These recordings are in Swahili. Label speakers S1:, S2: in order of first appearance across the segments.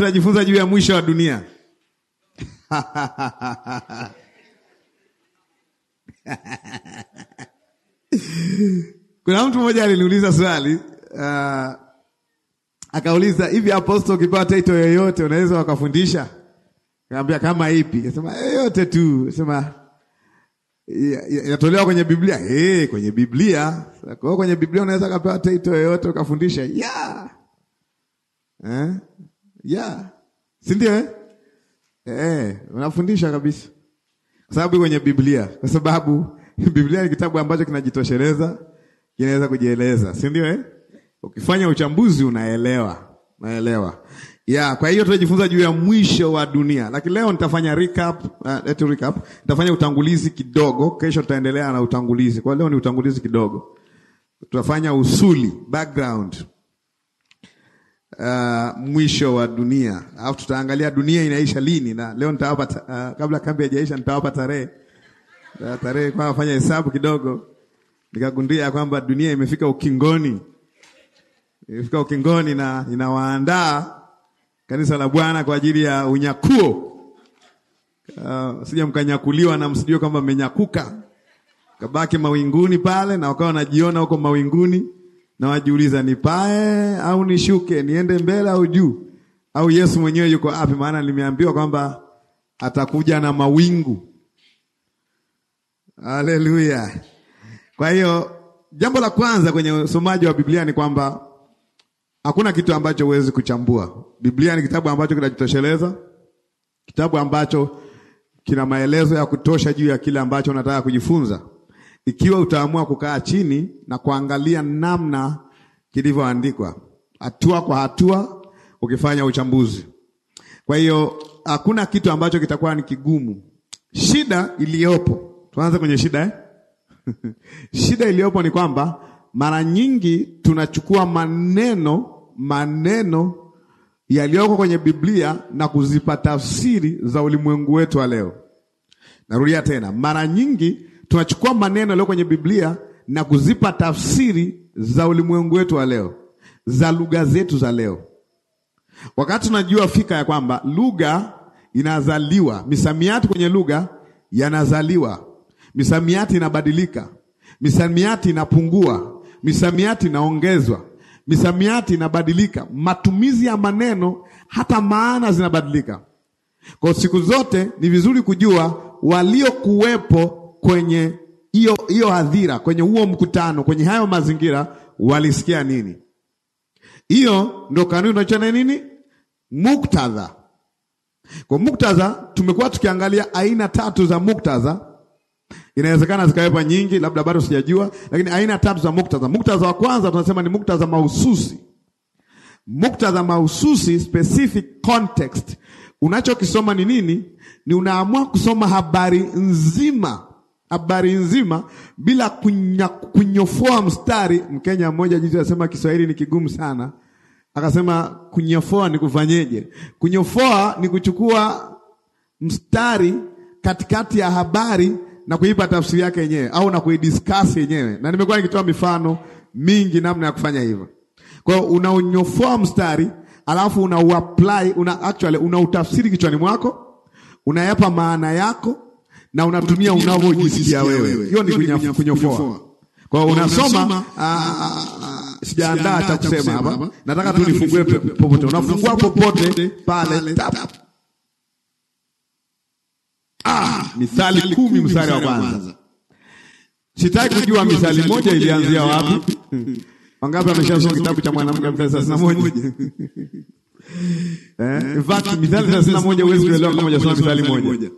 S1: tunajifunza juu ya mwisho wa dunia. Kuna mtu mmoja aliniuliza swali uh, akauliza hivi, apostol, ukipewa taito yoyote unaweza wakafundisha? Kaambia kama ipi? Asema yoyote tu, sema inatolewa kwenye Biblia. Hey, eh, kwenye Biblia. Kwa hiyo kwenye Biblia unaweza kapewa taito yoyote ukafundisha? Yeah. Eh? Yeah. Si ndio eh? Eh, unafundisha kabisa. Kwa sababu kwenye Biblia, kwa sababu Biblia ni kitabu ambacho kinajitosheleza, kinaweza kujieleza, si ndio eh? Ukifanya uchambuzi unaelewa, unaelewa. Ya, kwa hiyo tutajifunza juu ya mwisho wa dunia. Lakini leo nitafanya recap, uh, let's recap. Nitafanya utangulizi kidogo, kesho tutaendelea na utangulizi. Kwa leo ni utangulizi kidogo. Tutafanya usuli, background uh, mwisho wa dunia au tutaangalia dunia inaisha lini, na leo nitawapa uh, kabla kambi haijaisha nitawapa tarehe uh, tarehe kwa kufanya hesabu kidogo, nikagundia kwamba dunia imefika ukingoni, imefika ukingoni na inawaandaa kanisa la Bwana kwa ajili ya unyakuo. Uh, sija mkanyakuliwa na msijue kwamba mmenyakuka, kabaki mawinguni pale na wakawa wanajiona huko mawinguni nawajiuliza nipae au nishuke, niende mbele au juu, au Yesu mwenyewe yuko api Maana nimeambiwa kwamba atakuja na mawingu. Haleluya! Kwa hiyo jambo la kwanza kwenye usomaji wa Biblia ni kwamba hakuna kitu ambacho huwezi kuchambua. Biblia ni kitabu ambacho kinajitosheleza, kitabu ambacho kina maelezo ya kutosha juu ya kile ambacho unataka kujifunza ikiwa utaamua kukaa chini na kuangalia namna kilivyoandikwa hatua kwa hatua, ukifanya uchambuzi. Kwa hiyo hakuna kitu ambacho kitakuwa ni kigumu. Shida iliyopo, tuanze kwenye shida eh? Shida iliyopo ni kwamba mara nyingi tunachukua maneno maneno yaliyoko kwenye Biblia na kuzipa tafsiri za ulimwengu wetu wa leo. Narudia tena, mara nyingi tunachukua maneno yaliyo kwenye Biblia na kuzipa tafsiri za ulimwengu wetu wa leo, za lugha zetu za leo, wakati tunajua fika ya kwamba lugha inazaliwa, misamiati kwenye lugha yanazaliwa, misamiati inabadilika, misamiati inapungua, misamiati inaongezwa, misamiati inabadilika, matumizi ya maneno, hata maana zinabadilika. Kwa siku zote ni vizuri kujua waliokuwepo kwenye hiyo hiyo hadhira, kwenye huo mkutano, kwenye hayo mazingira walisikia nini? Hiyo ndo kanuni inachoona nini? Muktadha. Kwa muktadha, tumekuwa tukiangalia aina tatu za muktadha. Inawezekana zikawepa nyingi, labda bado sijajua, lakini aina tatu za muktadha. Muktadha wa kwanza tunasema ni muktadha mahususi. Muktadha mahususi, specific context. Unachokisoma ni nini? Ni unaamua kusoma habari nzima habari nzima bila kunyofoa mstari. Mkenya mmoja jinsi anasema Kiswahili ni kigumu sana, akasema kunyofoa ni kufanyeje? Kunyofoa ni kuchukua mstari katikati ya habari na kuipa tafsiri yake yenyewe au na kuidiscuss yenyewe, na nimekuwa nikitoa mifano mingi namna ya kufanya hivyo. Kwa hiyo unaunyofoa mstari alafu una apply, una actually unautafsiri kichwani mwako, unayapa maana yako na unatumia unavyojisikia wewe. Hiyo ni kunyofoa. Kwa hiyo unasoma, ah, ah, ah, sijaandaa hata kusema hapa, nataka tu nifungue popote. Unafungua popote pale. Ah, Mithali kumi mstari wa kwanza. Sitaki kujua mithali moja ilianzia wapi. Wangapi wameshasoma kitabu cha mwanamke mithali thelathini na moja? Eh, in fact mithali thelathini na moja huwezi kuelewa kama hujasoma mithali moja.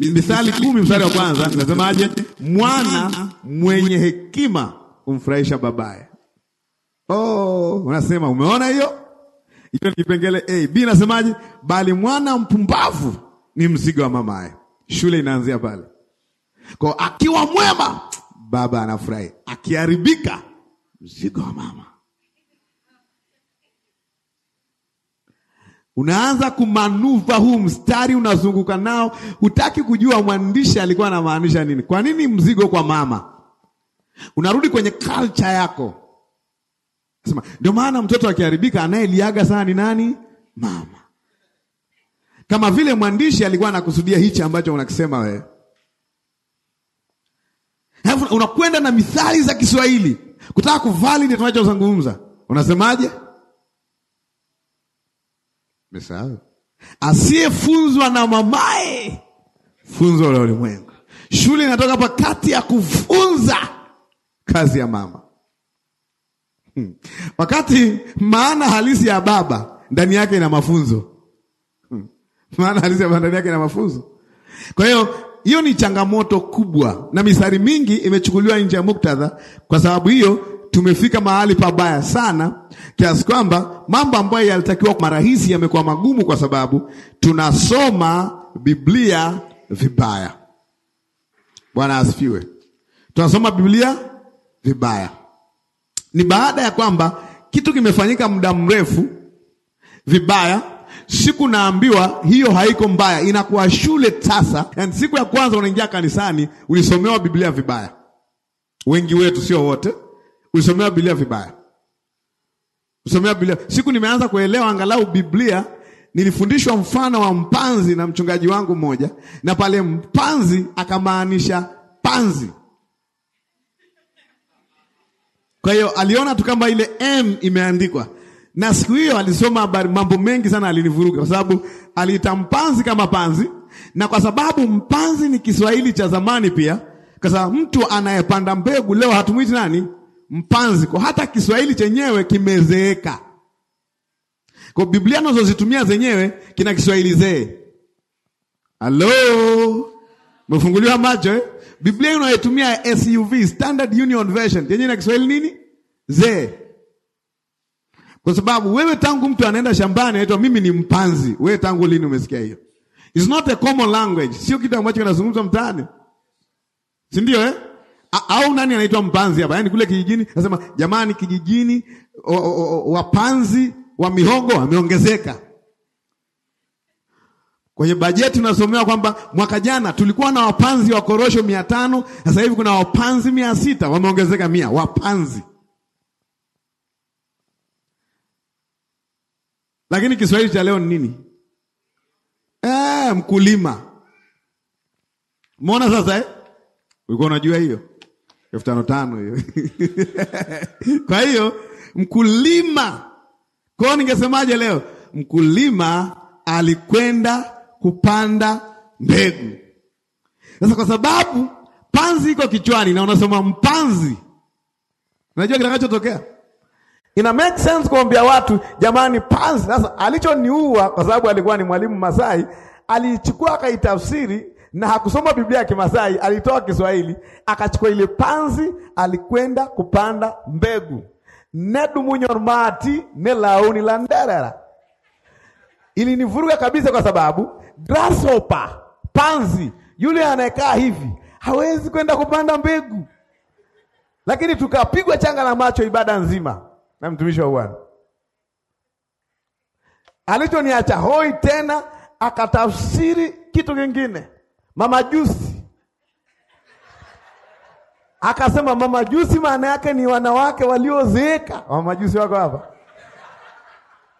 S1: Mithali kumi mstari wa kwanza nasemaje? Mwana mwenye hekima kumfurahisha babaye. Oh, unasema umeona hiyo? Hiyo ni kipengele A. B nasemaje? Bali mwana mpumbavu ni mzigo wa mamaye. Shule inaanzia pale. Kwa akiwa mwema baba anafurahi, akiharibika mzigo wa mama. Unaanza kumanuva huu mstari unazunguka nao, hutaki kujua mwandishi alikuwa anamaanisha nini. Kwa nini mzigo kwa mama? Unarudi kwenye culture yako. Sema ndio maana mtoto akiharibika anayeliaga sana ni nani? Mama. Kama vile mwandishi alikuwa anakusudia hichi ambacho unakisema wewe. Unakwenda na mithali za Kiswahili kutaka kuvalidate tunachozungumza. Unasemaje? Mesahau asiyefunzwa na mamae funzo la ulimwengu. Shule inatoka pakati ya kufunza kazi ya mama hmm. Wakati maana halisi ya baba ndani yake ina mafunzo hmm. Maana halisi ya baba ndani yake ina mafunzo. Kwa hiyo hiyo ni changamoto kubwa, na misari mingi imechukuliwa nje ya muktadha kwa sababu hiyo tumefika mahali pabaya sana kiasi kwamba mambo ambayo yalitakiwa marahisi yamekuwa magumu, kwa sababu tunasoma Biblia vibaya. Bwana asifiwe. Tunasoma Biblia vibaya ni baada ya kwamba kitu kimefanyika muda mrefu vibaya. Siku naambiwa hiyo haiko mbaya, inakuwa shule tasa Yani siku ya kwanza unaingia kanisani ulisomewa Biblia vibaya, wengi wetu, sio wote Ulisomea Biblia vibaya. Usomea Biblia. Siku nimeanza kuelewa angalau Biblia, nilifundishwa mfano wa mpanzi na mchungaji wangu mmoja, na pale mpanzi akamaanisha panzi. Kwa hiyo aliona tu kama ile M imeandikwa na siku hiyo alisoma habari, mambo mengi sana alinivuruga, kwa sababu aliita mpanzi kama panzi, na kwa sababu mpanzi ni Kiswahili cha zamani pia, kwa sababu mtu anayepanda mbegu leo hatumwiti nani? mpanzi, kwa hata Kiswahili chenyewe kimezeeka. Kwa Biblia nazozitumia zenyewe kina Kiswahili zee. Halo, umefunguliwa macho eh? Biblia unayotumia SUV, Standard Union Version, yenye na Kiswahili nini zee, kwa sababu wewe tangu mtu anaenda shambani anaitwa mimi ni mpanzi. Wewe tangu lini umesikia hiyo? It's not a common language, sio kitu ambacho kinazungumzwa mtaani, si ndio eh? au nani anaitwa mpanzi hapa? Yaani kule kijijini nasema jamani, kijijini wapanzi wa mihogo wameongezeka. Kwenye bajeti unasomewa kwamba mwaka jana tulikuwa na wapanzi wa korosho mia tano, sasa hivi kuna wapanzi mia sita, wameongezeka mia wapanzi. Lakini Kiswahili cha leo ni nini? E, mkulima. mona sasa eh? Ulikuwa unajua hiyo? elfu tano tano hiyo kwa hiyo mkulima kwao, ningesemaje leo? Mkulima alikwenda kupanda mbegu. Sasa kwa sababu panzi iko kichwani na unasema mpanzi, unajua kitakachotokea. Ina make sense kuambia watu jamani, panzi. Sasa alichoniua kwa sababu alikuwa ni mwalimu Masai, alichukua akaitafsiri na hakusoma Biblia ya Kimasai, alitoa Kiswahili, akachukua ile panzi, alikwenda kupanda mbegu nedumunyormati ne launi la nderera. Ilinivuruga kabisa, kwa sababu grasshopper, panzi yule anayekaa hivi hawezi kwenda kupanda mbegu, lakini tukapigwa changa na macho ibada nzima na mtumishi wa Bwana alichoniacha hoi tena akatafsiri kitu kingine. Mama akasema mama Jusi maana yake ni wanawake waliozeeka. Oh, mama wako hapa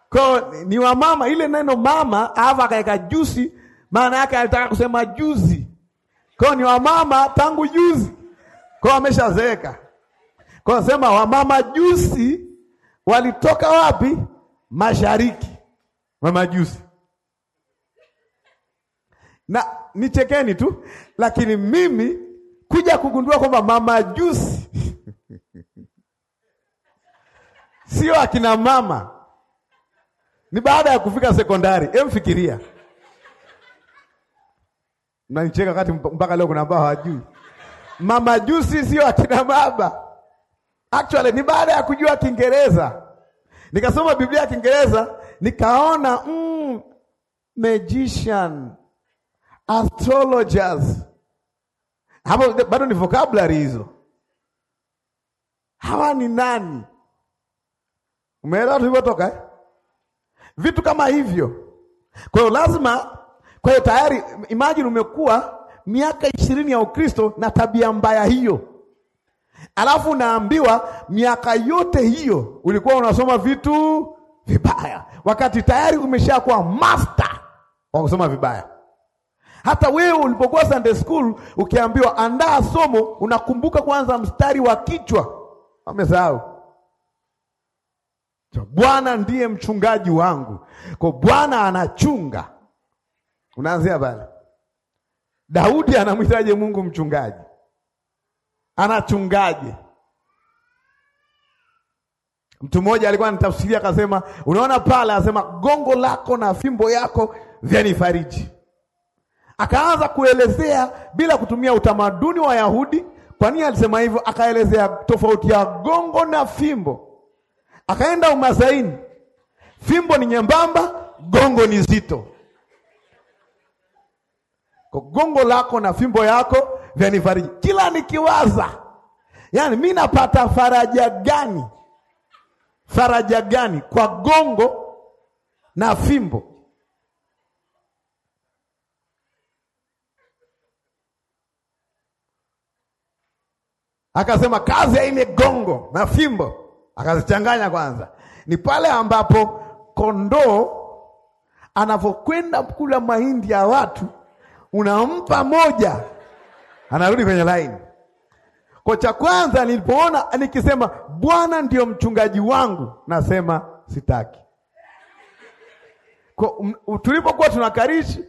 S1: kwa ni wamama, ile neno mama alafu akaweka jusi, maana yake alitaka kusema juzi. Kwa ni wamama tangu juzi, kwa wameshazeeka. Kwa sema wamama jusi walitoka wapi? Mashariki, mama na nichekeni tu, lakini mimi kuja kugundua kwamba mamajusi sio akina mama ni baada ya kufika sekondari. Emfikiria, mnanicheka kati mpaka leo, kuna ambao hawajui mama sio akina baba. Actually ni baada ya kujua Kiingereza, nikasoma Biblia ya Kiingereza nikaona mm, magician astrologers. Hapo bado ni vocabulary hizo. Hawa ni nani? Umeelewa tulivyotoka eh? Vitu kama hivyo. Kwa hiyo lazima, kwa hiyo tayari imagine umekuwa miaka ishirini ya Ukristo na tabia mbaya hiyo, alafu unaambiwa miaka yote hiyo ulikuwa unasoma vitu vibaya, wakati tayari umeshakuwa master wa kusoma vibaya. Hata wewe ulipokuwa Sunday school ukiambiwa andaa somo, unakumbuka kwanza mstari wa kichwa. Amesahau Bwana ndiye mchungaji wangu, kwa Bwana anachunga. Unaanzia pale. Daudi anamwitaje Mungu mchungaji? Anachungaje? Mtu mmoja alikuwa anatafsiria akasema, unaona pale, anasema gongo lako na fimbo yako vyanifariji. Akaanza kuelezea bila kutumia utamaduni wa Yahudi. Kwa nini alisema hivyo? Akaelezea tofauti ya gongo na fimbo, akaenda umazaini. Fimbo ni nyembamba, gongo ni zito. Kwa gongo lako na fimbo yako vyanifariji. Kila nikiwaza, yaani mimi napata faraja gani? Faraja gani kwa gongo na fimbo? Akasema kazi ya ile gongo na fimbo akazichanganya kwanza, ni pale ambapo kondoo anavyokwenda kula mahindi ya watu, unampa moja, anarudi kwenye laini. Kwa cha kwanza nilipoona nikisema, Bwana ndio mchungaji wangu, nasema sitaki. Tulipokuwa tunakarishi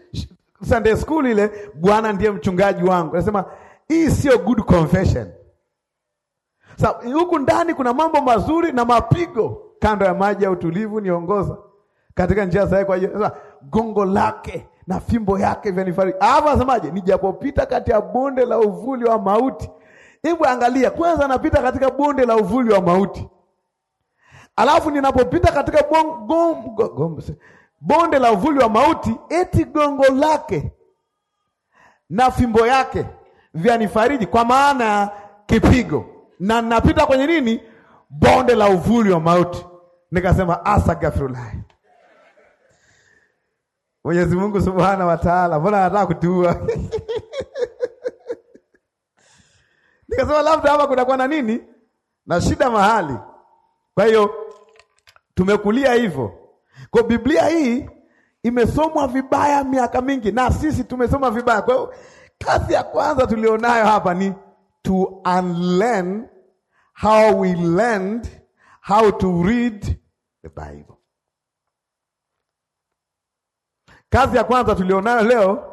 S1: Sunday school ile, Bwana ndiye mchungaji wangu, nasema hii sio good confession huku ndani kuna mambo mazuri na mapigo, kando ya maji ya utulivu niongoza katika njia zake, kwa sasa Gongo lake na fimbo yake vyanifariji. Hapa asemaje? Nijapopita kati ya bonde la uvuli wa mauti. Hebu angalia kwanza, anapita katika bonde la uvuli wa mauti, alafu ninapopita katika bon, gom, gom, bonde la uvuli wa mauti, eti gongo lake na fimbo yake vyanifariji, kwa maana kipigo na napita kwenye nini, bonde la uvuli wa mauti, nikasema asagafirulai. Mwenyezi Mungu Subhana wa Taala, mbona anataka kutuua? Nikasema labda hapa kunakuwa na nini na shida mahali. Kwa hiyo tumekulia hivyo. Kwa Biblia hii imesomwa vibaya miaka mingi, na sisi tumesoma vibaya. Kwa hiyo kazi ya kwanza tulionayo hapa ni to unlearn how we learned how to read the Bible. Kazi ya kwanza tulionayo leo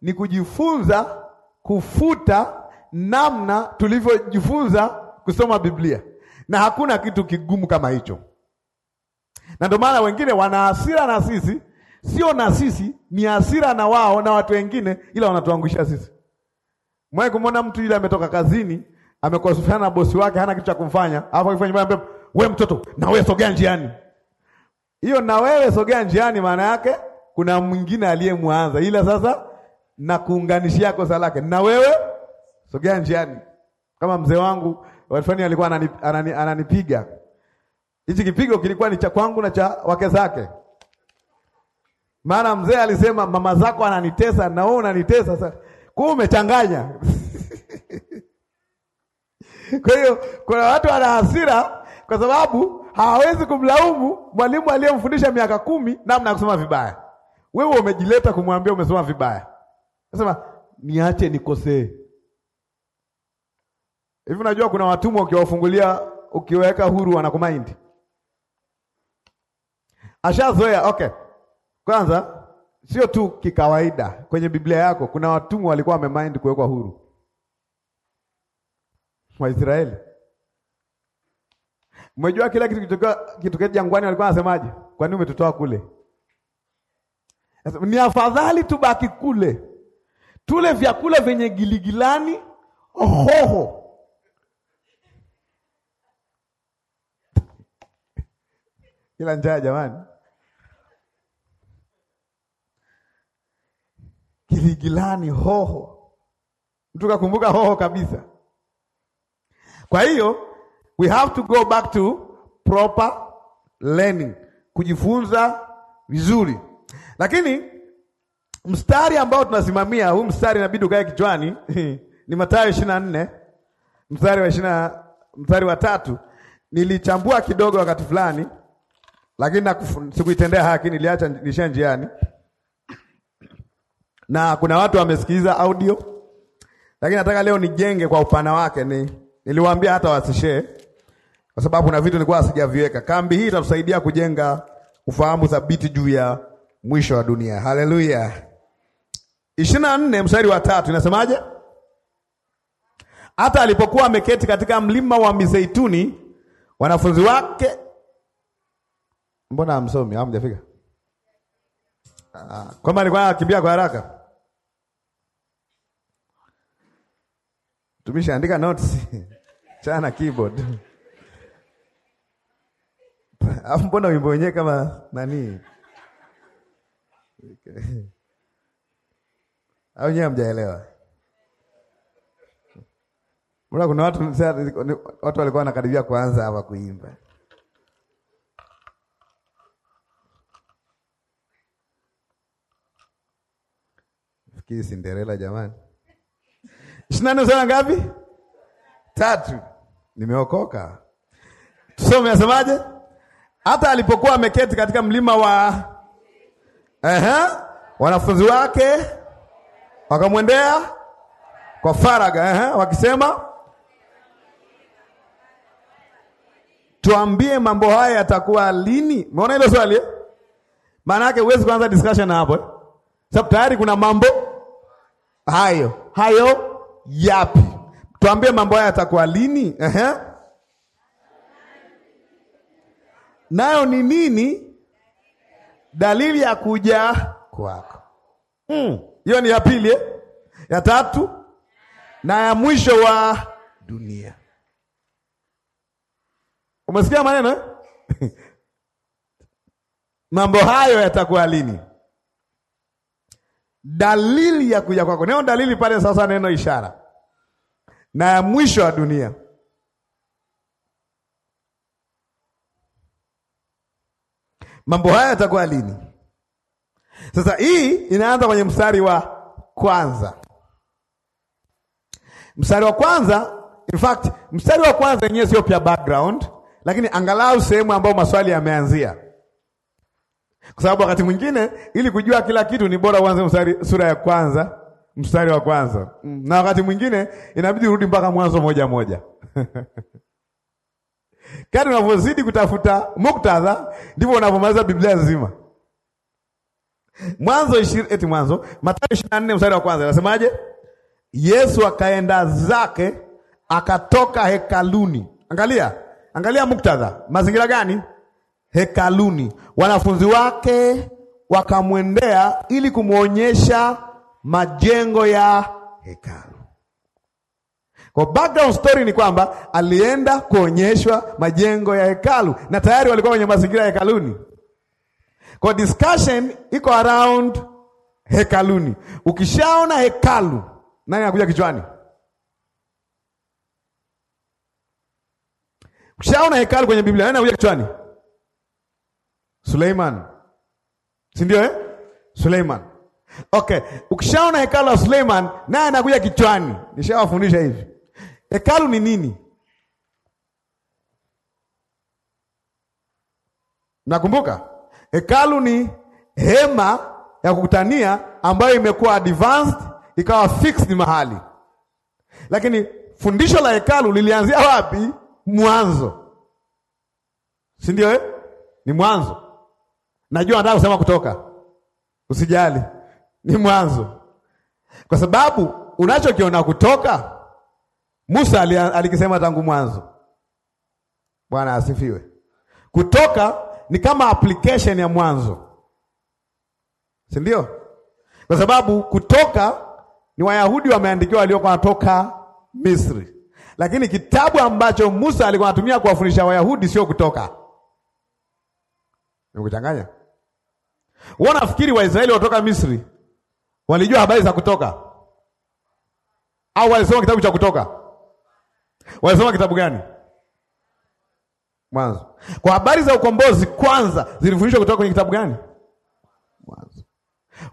S1: ni kujifunza kufuta namna tulivyojifunza kusoma Biblia, na hakuna kitu kigumu kama hicho, na ndio maana wengine wana hasira na sisi, sio na sisi, ni hasira na wao na watu wengine, ila wanatuangusha sisi. Mwae kumwona mtu yule ametoka kazini, amekosofiana na bosi wake, hana kitu cha kumfanya, alafu akifanya mbaya mbaya, wewe mtoto, na wewe sogea njiani. Hiyo na wewe sogea njiani, maana yake kuna mwingine aliyemwanza, ila sasa na kuunganishia kosa lake, na wewe sogea njiani. Kama mzee wangu walifani alikuwa ananipiga anani, anani hichi kipigo kilikuwa ni cha kwangu na cha wake zake, maana mzee alisema mama zako ananitesa na wewe unanitesa sasa kwa umechanganya. Kwa hiyo kuna watu wana hasira kwa sababu hawawezi kumlaumu mwalimu aliyemfundisha miaka kumi namna ya kusoma vibaya. Wewe umejileta kumwambia umesoma vibaya. Nasema niache nikosee. Hivi unajua kuna watumwa ukiwafungulia ukiweka huru wanakumaindi. Ashazoea, okay. Kwanza sio tu kikawaida. Kwenye Biblia yako kuna watumwa walikuwa wamemind kuwekwa huru, Waisraeli. Mmejua kila kitu kitokea kitokea jangwani, walikuwa wanasemaje? Kwa nini umetutoa kule? Ni afadhali tubaki kule, tule vyakula vyenye giligilani hoho kila njaa jamani. kiligilani hoho, mtu kakumbuka hoho kabisa. Kwa hiyo we have to go back to proper learning, kujifunza vizuri. Lakini mstari ambao tunasimamia huu mstari inabidi ukae kichwani ni Mathayo ishirini na nne mstari wa ishirini mstari wa tatu. Nilichambua kidogo wakati fulani, lakini sikuitendea haki, niliacha nilisha njiani na kuna watu wamesikiliza audio, lakini nataka leo nijenge kwa upana wake. Ni niliwaambia hata wasishee, kwa sababu kuna vitu nilikuwa sijaviweka. Kambi hii itatusaidia kujenga ufahamu thabiti juu ya mwisho wa dunia. Haleluya! ishirini na nne mstari wa tatu inasemaje? Hata alipokuwa ameketi katika mlima wa Mizeituni, wanafunzi wake. Mbona hamsomi? Hamjafika? kwamba alikuwa anakimbia kwa haraka. andika notes chana keyboard afu mbona wimbo wenyewe kama nani? Okay. Au nyewe hamjaelewa? Mbona kuna watu watu walikuwa wanakaribia kuanza hapa kuimba. Nafikiri Cinderella jamani. Ishirini na nne ngapi? Tatu. Nimeokoka. Tusome asemaje? Hata alipokuwa ameketi katika mlima wa Aha. Wanafunzi wake wakamwendea kwa faraga Aha. wakisema tuambie mambo haya yatakuwa lini? Umeona hilo swali? Eh? Maana yake huwezi kuanza discussion hapo. Eh? Sababu tayari kuna mambo hayo hayo yapi? Tuambie mambo haya yatakuwa lini? Ehe. Nayo ni nini dalili ya kuja kwako? Hmm. Hiyo ni ya pili eh? Ya tatu na ya mwisho wa dunia. Umesikia maneno eh? mambo hayo yatakuwa lini? dalili ya kuja kwako. Neno dalili pale sasa, neno ishara na ya mwisho wa dunia. Mambo haya yatakuwa lini? Sasa hii inaanza kwenye mstari wa kwanza, mstari wa kwanza. In fact, mstari wa kwanza yenyewe sio pia background, lakini angalau sehemu ambayo maswali yameanzia kwa sababu wakati mwingine ili kujua kila kitu ni bora uanze mstari, sura ya kwanza mstari wa kwanza, mm. na wakati mwingine inabidi urudi mpaka Mwanzo moja moja Kadi unavyozidi kutafuta muktadha ndivyo unavyomaliza Biblia nzima. Mwanzo ishirini, eti Mwanzo, Mathayo ishirini na nne mstari wa kwanza anasemaje? Yesu akaenda zake akatoka hekaluni. Angalia, angalia muktadha, mazingira gani? hekaluni, wanafunzi wake wakamwendea ili kumwonyesha majengo ya hekalu. Kwa background story ni kwamba alienda kuonyeshwa majengo ya hekalu na tayari walikuwa kwenye mazingira ya hekaluni. Kwa discussion iko around hekaluni. Ukishaona hekalu, nani anakuja kichwani? Ukishaona hekalu kwenye Biblia, nani anakuja kichwani? Suleiman, si ndio eh? Suleiman. Okay, ukishaona hekalu la Suleiman naye anakuja kichwani. Nishawafundisha hivi, hekalu ni nini? Nakumbuka hekalu ni hema ya kukutania ambayo imekuwa advanced ikawa fixed mahali, lakini fundisho la hekalu lilianzia wapi? Mwanzo, si ndio eh? Ni mwanzo. Najua nataka kusema kutoka, usijali, ni mwanzo, kwa sababu unachokiona kutoka, Musa alikisema tangu mwanzo. Bwana asifiwe. Kutoka ni kama application ya mwanzo, si ndio? Kwa sababu kutoka ni Wayahudi wameandikiwa waliokuwa wanatoka Misri, lakini kitabu ambacho Musa alikuwa anatumia kuwafundisha Wayahudi sio Kutoka. Nimekuchanganya? Wanafikiri Waisraeli watoka Misri walijua habari za kutoka au walisoma kitabu cha kutoka? Walisoma kitabu gani? Mwanzo. Kwa habari za ukombozi kwanza zilifundishwa kutoka kwenye kitabu gani? Mwanzo.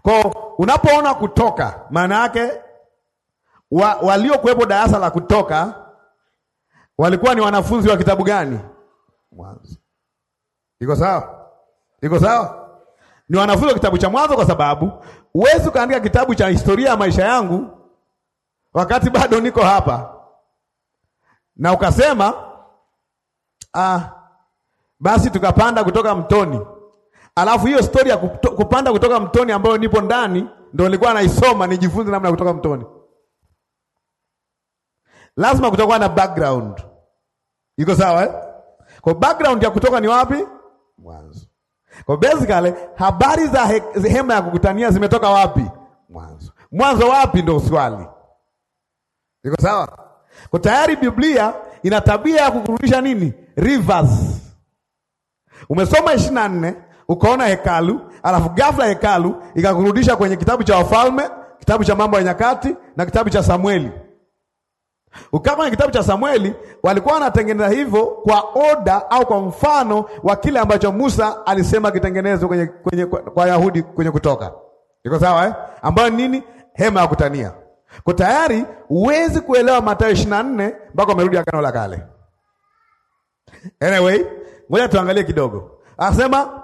S1: Kwa unapoona kutoka, maana yake wa, waliokuwepo darasa la kutoka walikuwa ni wanafunzi wa kitabu gani? Mwanzo. Iko sawa? Iko sawa? ni wanafunzi wa kitabu cha Mwanzo, kwa sababu huwezi ukaandika kitabu cha historia ya maisha yangu wakati bado niko hapa na ukasema ah, basi tukapanda kutoka mtoni, alafu hiyo stori ya kupanda kutoka mtoni ambayo nipo ndani ndio nilikuwa naisoma nijifunze namna ya kutoka mtoni. Lazima kutakuwa na background, iko sawa eh? Kwa background ya kutoka ni wapi? Mwanzo. Kwa basically habari za he, hema ya kukutania zimetoka wapi? Mwanzo. Mwanzo wapi ndio swali. Iko sawa? Kwa tayari Biblia ina tabia ya kukurudisha nini? Rivers. Umesoma 24, na nne ukaona hekalu, alafu ghafla hekalu ikakurudisha kwenye kitabu cha Wafalme, kitabu cha Mambo ya Nyakati na kitabu cha Samueli ukama kwenye kitabu cha Samueli walikuwa wanatengeneza hivyo kwa oda au kwa mfano wa kile ambacho Musa alisema kitengenezwe kwenye, kwenye, kwa Yahudi kwenye Kutoka. Iko sawa eh? Ambayo nini? Hema ya kutania. Kwa tayari huwezi kuelewa Mathayo 24 mpaka umerudi Agano la Kale. Anyway, ngoja tuangalie kidogo. Anasema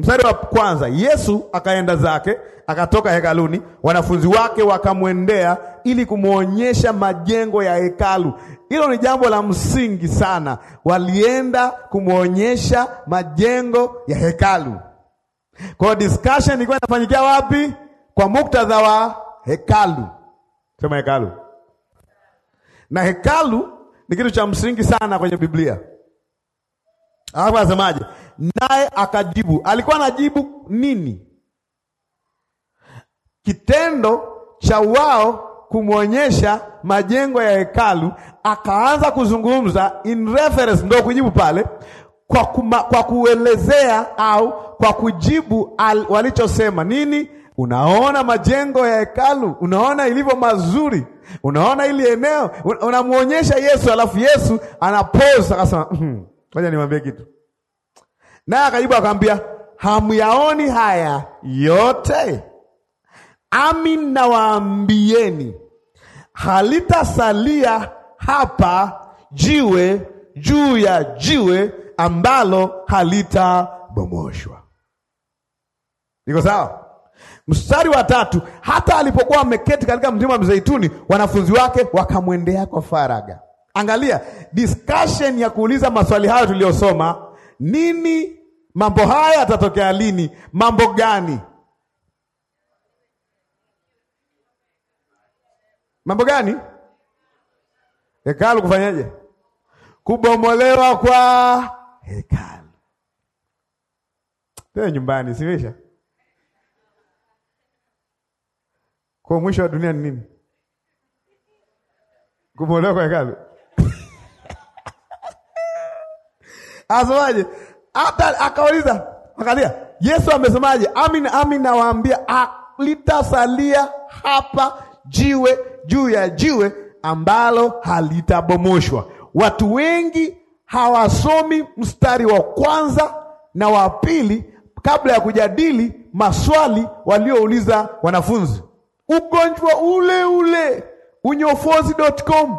S1: Mstari wa kwanza, Yesu akaenda zake, akatoka hekaluni, wanafunzi wake wakamwendea ili kumwonyesha majengo ya hekalu. Hilo ni jambo la msingi sana, walienda kumwonyesha majengo ya hekalu. Kwa hiyo discussion ilikuwa inafanyikia wapi? Kwa muktadha wa hekalu. Sema hekalu. Na hekalu ni kitu cha msingi sana kwenye Biblia. Hapo anasemaje? naye akajibu. Alikuwa anajibu nini? Kitendo cha wao kumwonyesha majengo ya hekalu, akaanza kuzungumza in reference, ndo kujibu pale kwa, kuma, kwa kuelezea au kwa kujibu al, walichosema nini? Unaona majengo ya hekalu, unaona ilivyo mazuri, unaona ili eneo, unamwonyesha Yesu, alafu Yesu anapoza akasema, mm-hmm. ngoja niwaambie kitu Naye akajibu akamwambia, hamyaoni haya yote? Amin nawaambieni, halitasalia hapa jiwe juu ya jiwe ambalo halitabomoshwa. Niko sawa? Mstari wa tatu, hata alipokuwa ameketi katika mlima wa Mzeituni, wanafunzi wake wakamwendea kwa faraga. Angalia discussion ya kuuliza maswali hayo tuliyosoma nini? Mambo haya yatatokea lini? Mambo gani? Mambo gani? Hekalu kufanyaje? Kubomolewa kwa hekalu. Tena nyumbani sivisha. Kwa mwisho wa dunia ni nini? Kubomolewa kwa hekalu. Asemaje? Hata akauliza, angalia, Yesu amesemaje? Amin, amin nawaambia, litasalia hapa jiwe juu ya jiwe ambalo halitabomoshwa. Watu wengi hawasomi mstari wa kwanza na wa pili kabla ya kujadili maswali waliouliza wanafunzi. Ugonjwa ule ule unyofozi.com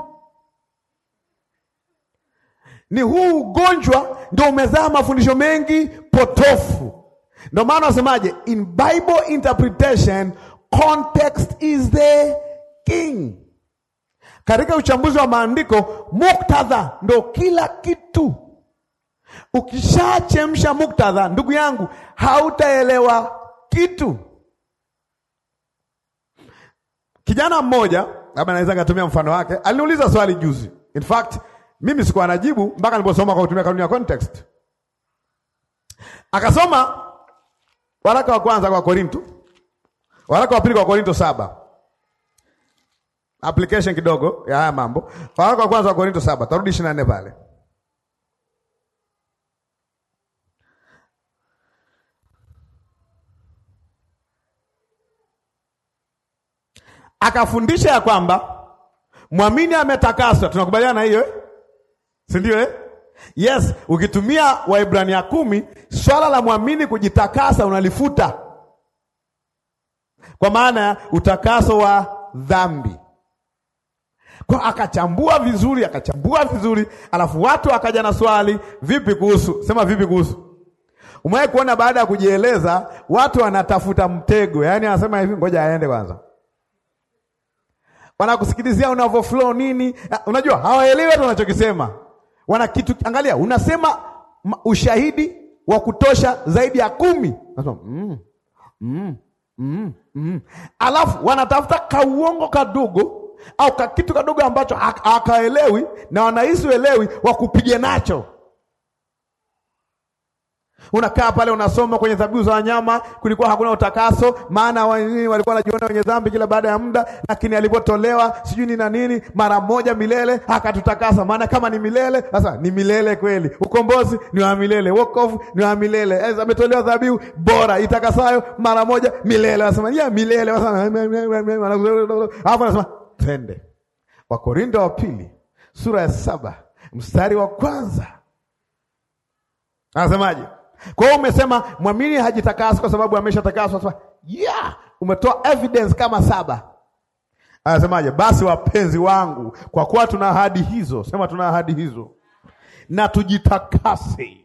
S1: ni huu ugonjwa ndio umezaa mafundisho mengi potofu. Ndio maana wasemaje, in Bible interpretation context is the king. Katika uchambuzi wa maandiko, muktadha ndo kila kitu. Ukishachemsha muktadha, ndugu yangu, hautaelewa kitu. Kijana mmoja labda naweza nikatumia mfano wake, aliniuliza swali juzi, in fact mimi sikuwa najibu mpaka niliposoma kwa kutumia kanuni ya context. Akasoma waraka wa kwanza kwa Korinto, waraka wa pili kwa Korinto saba application kidogo ya haya mambo. Waraka wa kwanza wa Korinto saba, tarudi ishirini na nne pale. Akafundisha ya kwamba mwamini ametakaswa, tunakubaliana na hiyo eh? si ndio eh? Yes, ukitumia Waibrania kumi, swala la mwamini kujitakasa unalifuta kwa maana utakaso wa dhambi. Kwa akachambua vizuri, akachambua vizuri, alafu watu akaja na swali, vipi kuhusu? Sema vipi kuhusu? Umewahi kuona baada ya kujieleza watu wanatafuta mtego, yaani anasema hivi, ngoja aende kwanza. Wanakusikilizia unavyo flow nini, ah, unajua hawaelewi hata unachokisema wana kitu. Angalia, unasema ushahidi wa kutosha zaidi ya kumi, nasema mm, mm, mm, mm. Alafu wanatafuta kauongo kadogo au kakitu kadogo ambacho akaelewi na wanahisi uelewi wa kupiga nacho Unakaa pale unasoma kwenye dhabihu za wanyama, kulikuwa hakuna utakaso, maana wengine walikuwa wanajiona wenye dhambi kila baada ya muda, lakini alipotolewa sijui ni na nini, mara moja milele akatutakasa. Maana kama ni milele, sasa ni milele kweli. Ukombozi ni wa milele, wokovu ni wa milele. Ametolewa dhabihu bora itakasayo mara moja milele. Anasema ya milele, alafu anasema twende. Wakorintho wa pili sura ya saba mstari wa kwanza anasemaje? Kwa hiyo umesema mwamini hajitakasi kwa sababu ameshatakaswa. Yeah, umetoa evidence kama saba. Anasemaje? Basi wapenzi wangu, kwa kuwa tuna ahadi hizo, sema tuna ahadi hizo, na tujitakase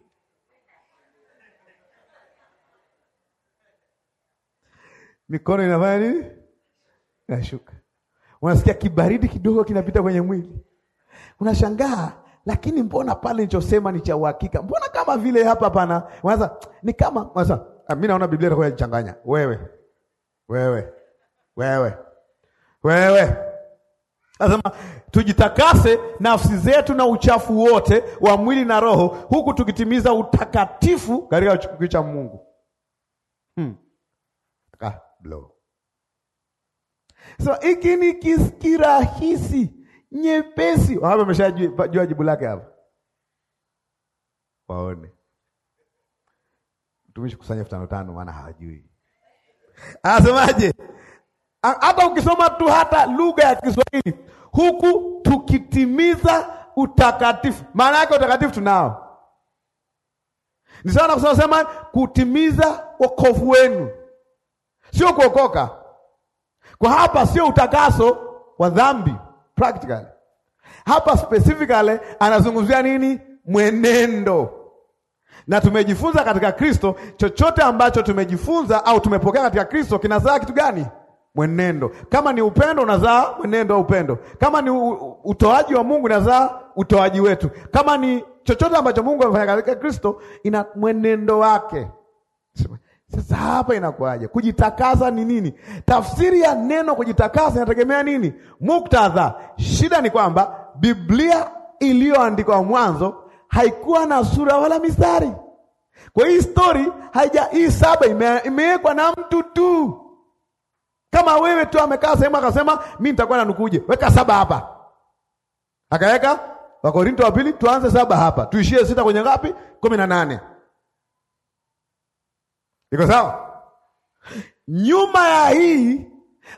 S1: mikono inafanya nini? Nashuka. Unasikia kibaridi kidogo kinapita kwenye mwili, unashangaa lakini mbona pale nilichosema ni cha uhakika? Mbona kama vile hapa pana waza ni kama waza, ah, mimi naona Biblia inakuwa inachanganya wewe wewe wewe wewe. Nasema tujitakase nafsi zetu na uchafu wote wa mwili na roho, huku tukitimiza utakatifu katika kiu cha Mungu. hmm. Ah, so iki ni kirahisi nyepesi. Hapa ameshajua jibu lake hapa, waone mtumishi kusanya elfu tano tano, maana hawajui anasemaje. Hata ukisoma tu hata lugha ya Kiswahili huku tukitimiza utakatifu, maana yake utakatifu tunao ni sana kusema sema kutimiza wokovu wenu, sio kuokoka kwa hapa, sio utakaso wa dhambi, practically. Hapa specifically anazungumzia nini? Mwenendo. Na tumejifunza katika Kristo, chochote ambacho tumejifunza au tumepokea katika Kristo kinazaa kitu gani? Mwenendo. Kama ni upendo, unazaa mwenendo wa upendo. Kama ni utoaji wa Mungu, unazaa utoaji wetu. Kama ni chochote ambacho Mungu amefanya katika Kristo, ina mwenendo wake. Sasa hapa inakuwaje? Kujitakasa ni nini? Tafsiri ya neno kujitakasa inategemea nini? Muktadha. Shida ni kwamba Biblia iliyoandikwa mwanzo haikuwa na sura wala mistari. Kwa hii stori haija hii saba imewekwa na mtu tu. Kama wewe tu amekaa sehemu akasema mi nitakuwa nanukuje, weka saba hapa. Akaweka Wakorinto wa pili tuanze saba hapa. Tuishie sita kwenye ngapi? kumi na nane. Iko sawa? Nyuma ya hii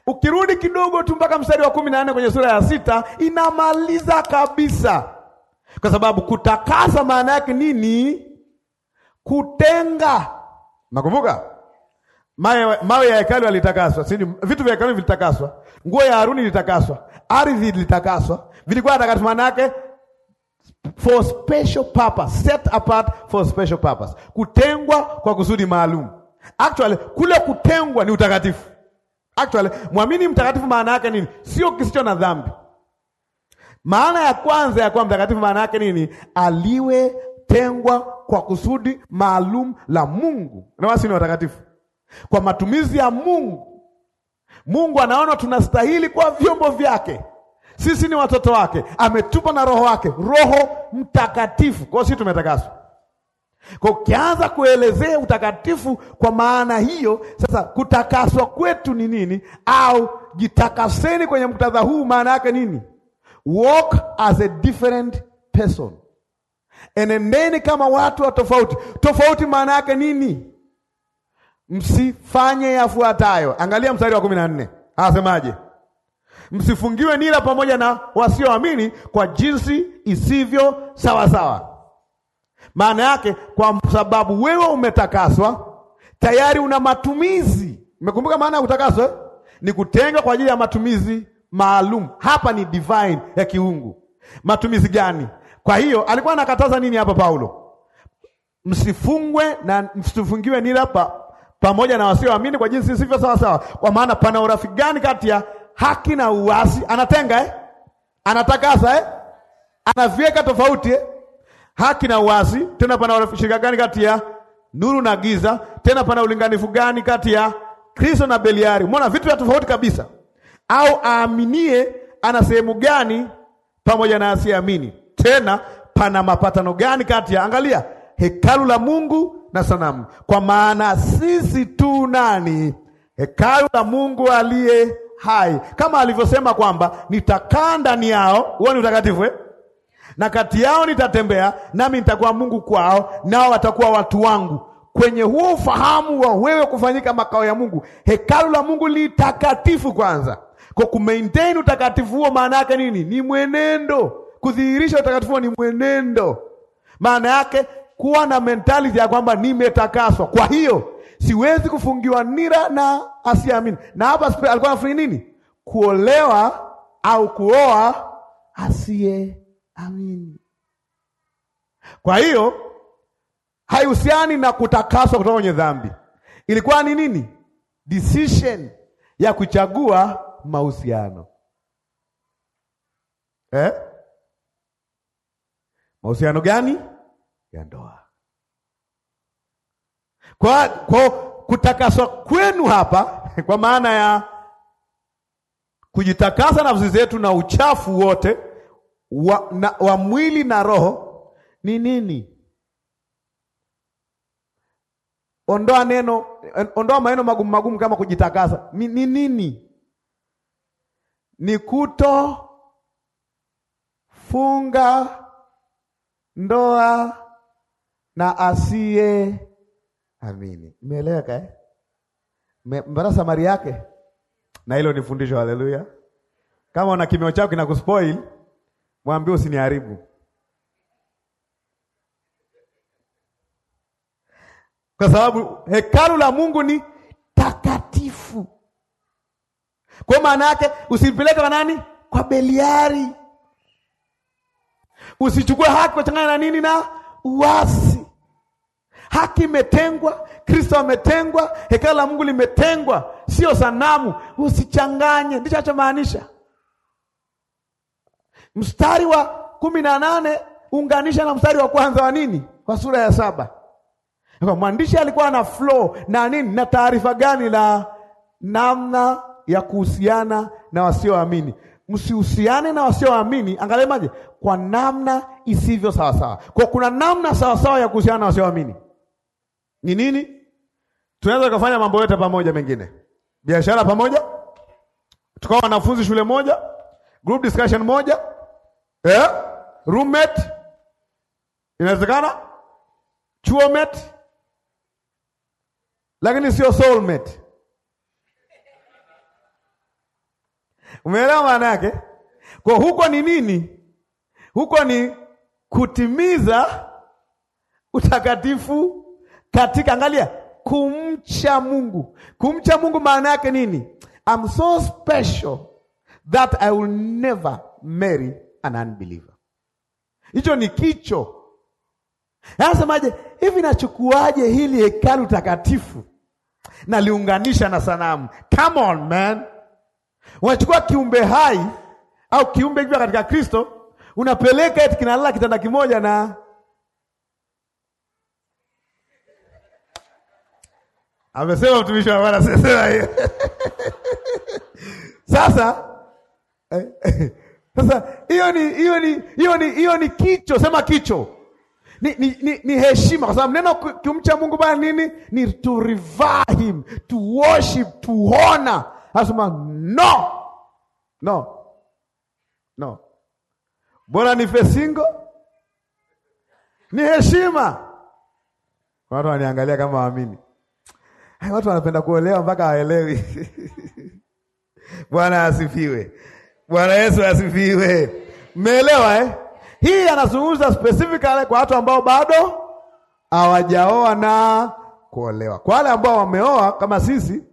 S1: ukirudi kidogo tu mpaka mstari wa kumi na nne kwenye sura ya sita inamaliza kabisa, kwa sababu kutakasa maana yake nini? Kutenga. Nakumbuka mawe, mawe ya hekalu yalitakaswa, si vitu vya hekalu vilitakaswa, nguo ya Haruni ilitakaswa, ardhi ilitakaswa, vilikuwa takatifu, maana yake for special purpose, set apart for special purpose, kutengwa kwa kusudi maalum. Actually kule kutengwa ni utakatifu. Actually mwamini mtakatifu maana yake nini? Sio kisicho na dhambi. Maana ya kwanza ya kuwa mtakatifu maana yake nini? Aliwe tengwa kwa kusudi maalum la Mungu, na wasi ni watakatifu kwa matumizi ya Mungu. Mungu anaona tunastahili kwa vyombo vyake, sisi ni watoto wake, ametupa na roho wake, Roho Mtakatifu. Kwa hiyo sisi tumetakaswa kwa ukianza kuelezea utakatifu kwa maana hiyo, sasa kutakaswa kwetu ni nini? Au jitakaseni kwenye muktadha huu maana yake nini? Walk as a different person, enendeni kama watu wa tofauti tofauti. Maana yake nini? Msifanye yafuatayo. Angalia mstari wa kumi na nne anasemaje? Msifungiwe nira pamoja na wasioamini kwa jinsi isivyo sawasawa maana yake kwa sababu wewe umetakaswa tayari, una matumizi. Umekumbuka maana ya kutakaswa? Eh? Ni kutenga kwa ajili ya matumizi maalum. Hapa ni divine ya kiungu. Matumizi gani? Kwa hiyo alikuwa anakataza nini hapa Paulo? Msifungwe na msifungiwe nila pa, pamoja na wasioamini kwa jinsi sivyo sawa sawa. Kwa maana pana urafiki gani kati ya haki na uasi? Anatenga eh? Anatakasa eh? Anaviweka tofauti eh? haki na uwazi, Tena pana ushirika gani kati ya nuru na giza? Tena pana ulinganifu gani kati ya Kristo na Beliari? Umeona vitu vya tofauti kabisa. Au aaminie ana sehemu gani pamoja na asiamini Tena pana mapatano gani kati ya angalia hekalu la Mungu na sanamu? Kwa maana sisi tu nani hekalu la Mungu aliye hai, kama alivyosema kwamba nitakaa ndani yao. Huo ni utakatifu eh? na kati yao nitatembea, nami nitakuwa Mungu kwao, nao watakuwa watu wangu. Kwenye huo ufahamu wa wewe kufanyika makao ya Mungu, hekalu la Mungu litakatifu kwanza. Kwa maintain utakatifu huo, maana yake nini? Ni mwenendo. Kudhihirisha utakatifu huo ni mwenendo, maana yake kuwa na mentality ya kwamba nimetakaswa, kwa hiyo siwezi kufungiwa nira na asiamini. Na hapa alikuwa anafuni nini? Kuolewa au kuoa asiye amini. Kwa hiyo haihusiani na kutakaswa kutoka kwenye dhambi. Ilikuwa ni nini? Decision ya kuchagua mahusiano eh? mahusiano gani ya ndoa. Kwa, kwa kutakaswa kwenu hapa kwa maana ya kujitakasa nafsi zetu na uchafu wote wa, na, wa mwili na roho ni nini? Ondoa neno, ondoa maneno magumu magumu kama kujitakasa. Ni nini? Ni kuto funga ndoa na asiye amini. Imeeleweka eh? Mbara samari yake na hilo ni fundisho. Haleluya! Kama una kimeo chako kinakuspoil Mwambie usiniharibu. Kwa sababu hekalu la Mungu ni takatifu. Kwa maana yake usipeleke kwa nani? Kwa Beliari. Usichukue haki kwa na nini na uasi. Haki imetengwa, Kristo ametengwa, hekalu la Mungu limetengwa, sio sanamu, usichanganye. Ndicho anachomaanisha. Mstari wa kumi na nane unganisha na mstari wa kwanza wa nini, wa sura ya saba. Mwandishi alikuwa na flow na nini na taarifa gani la namna ya kuhusiana na wasioamini. Msihusiane na wasioamini, maji Kwa namna isivyo sawasawa. Kwa kuna namna sawasawa ya kuhusiana na wasioamini ni nini? Tunaweza kufanya mambo yote pamoja, mengine biashara pamoja, tukawa wanafunzi shule moja, group discussion moja eh? Roommate inawezekana, chuomate, lakini sio soulmate. Umeelewa maana yake? Kwa huko ni nini? Huko ni kutimiza utakatifu katika, angalia, kumcha Mungu. Kumcha Mungu maana yake nini? I'm so special that I will never marry an unbeliever. Hicho ni kicho. Anasemaje hivi, nachukuaje hili hekalu takatifu naliunganisha na sanamu? Come on man, unachukua kiumbe hai au kiumbe kipya katika Kristo unapeleka eti kinalala kitanda kimoja na amesema mtumishi wa Bwana sasa eh. Sasa hiyo ni hiyo ni hiyo ni hiyo ni kicho, sema kicho ni, ni, ni, ni heshima, kwa sababu neno kumcha Mungu baya nini? Ni to revere him, to worship, to honor. Asema no no no, bora ni fesingo. ni heshima. Watu waniangalia kama waamini. Watu wanapenda kuolewa mpaka waelewi. Bwana asifiwe. Bwana Yesu asifiwe. Mmeelewa eh? Hii anazungumza specifically kwa watu ambao bado hawajaoa na kuolewa. Kwa wale ambao wameoa kama sisi,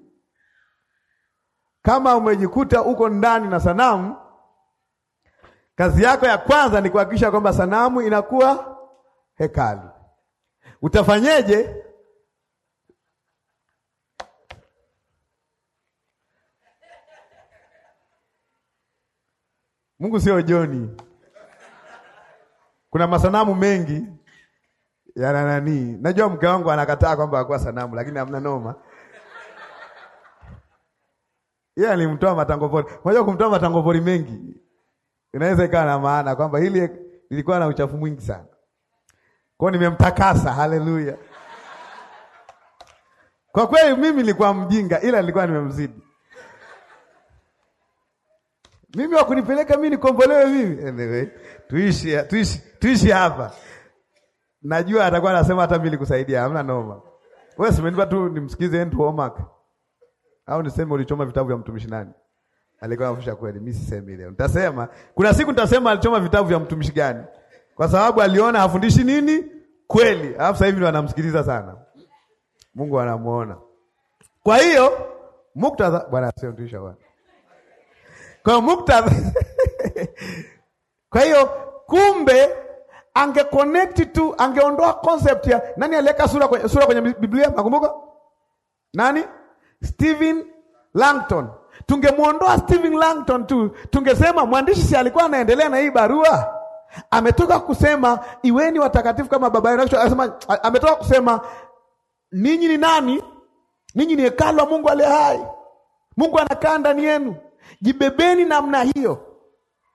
S1: kama umejikuta uko ndani na sanamu, kazi yako ya kwanza ni kuhakikisha kwamba sanamu inakuwa hekalu. Utafanyeje? Mungu sio Joni. Kuna masanamu mengi ya nani. Najua mke wangu anakataa kwamba hakuwa sanamu, lakini amna noma. Yeye alimtoa matangopori. Unajua kumtoa pori mengi inaweza ikawa na maana kwamba hili lilikuwa na uchafu mwingi sana. Kwa nimemtakasa, haleluya. Kwa kweli mimi nilikuwa mjinga ila nilikuwa nimemzidi mimi wakunipeleka mimi nikombolewe mimi. Anyway, tuishi tuishi tuishi hapa. Najua atakuwa anasema hata mimi nikusaidia, hamna noma. Wewe simenipa tu nimsikize end homework. Au niseme ulichoma vitabu vya mtumishi nani? Alikuwa anafusha kweli, mimi sisemi leo. Nitasema kuna siku nitasema alichoma vitabu vya mtumishi gani? Kwa sababu aliona hafundishi nini? Kweli. Alafu sasa hivi ndo anamsikiliza sana. Mungu anamuona. Kwa hiyo muktadha bwana asiye mtumisha bwana. Kwa hiyo muktadha kwa hiyo kumbe ange connect tu, angeondoa concept ya nani aliweka sura kwenye, sura kwenye Biblia, nakumbuka nani? Stephen Langton. Tungemwondoa Stephen Langton tu, tungesema mwandishi si alikuwa anaendelea na hii barua, ametoka kusema iweni watakatifu kama baba yenu, anasema ametoka kusema ninyi ni nani? Ninyi ni hekalu la Mungu aliye hai, Mungu anakaa ndani yenu. Jibebeni namna hiyo.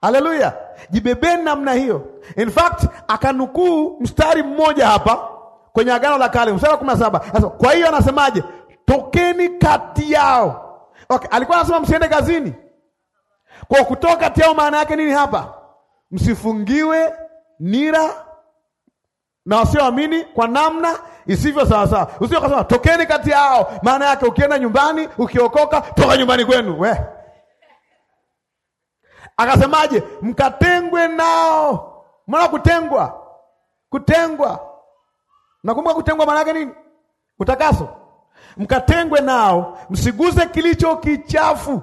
S1: Haleluya, jibebeni namna hiyo. In fact akanukuu mstari mmoja hapa kwenye Agano la Kale, mstari wa kumi na saba. Sasa kwa hiyo anasemaje? Tokeni kati yao. Okay, alikuwa anasema msiende kazini. Kwa kutoka kati yao maana yake nini hapa? Msifungiwe nira na wasioamini kwa namna isivyo sawasawa. Usio kasema tokeni kati yao, maana yake ukienda nyumbani, ukiokoka, toka nyumbani kwenu we Akasemaje? Mkatengwe nao. Maana kutengwa, kutengwa, nakumbuka kutengwa maana yake nini? Utakaso. Mkatengwe nao, msiguze kilicho kichafu.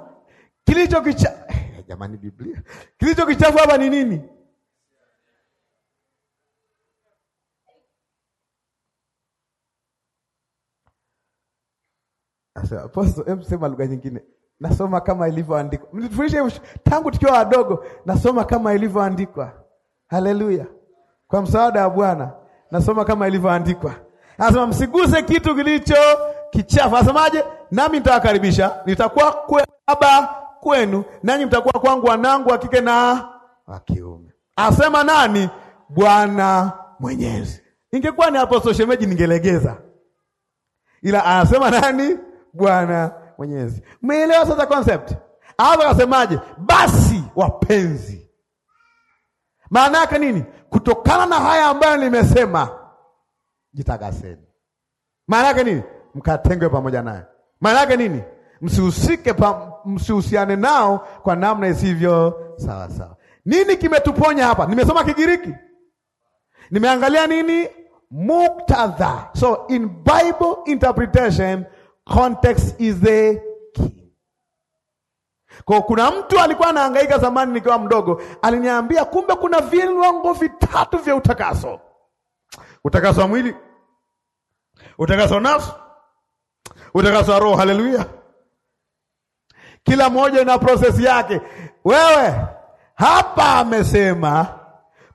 S1: Kilicho kichafu eh, jamani, Biblia kilicho kichafu hapa ni nini? Sema lugha nyingine nasoma kama ilivyoandikwa. Mlitufundisha tangu tukiwa wadogo, nasoma kama ilivyoandikwa. Haleluya! Kwa msaada wa Bwana nasoma kama ilivyoandikwa. Anasema msiguse kitu kilicho kichafu. Anasemaje? Nami nitawakaribisha, nitakuwa kwe baba kwenu, nanyi mtakuwa kwangu wanangu wa kike na wa kiume. Asema nani? Bwana Mwenyezi. Ingekuwa ni Apostol Shemeji ningelegeza, ila anasema nani? Bwana Mwenyezi. Mmeelewa sasa concept? Hapo akasemaje? Basi wapenzi, maana yake nini? Kutokana na haya ambayo nimesema, jitakaseni. Maana yake nini? Mkatengwe pamoja naye. Maana yake nini? Msihusike, msihusiane nao kwa namna isivyo sawa sawa. Nini kimetuponya hapa? Nimesoma Kigiriki, nimeangalia nini muktadha. So in Bible interpretation Context is the key. Kwa kuna mtu alikuwa anahangaika zamani nikiwa mdogo, aliniambia kumbe kuna viwango vitatu vya utakaso. Utakaso wa mwili, utakaso wa nafsi, utakaso wa roho. Haleluya! Kila mmoja ina process yake. Wewe hapa amesema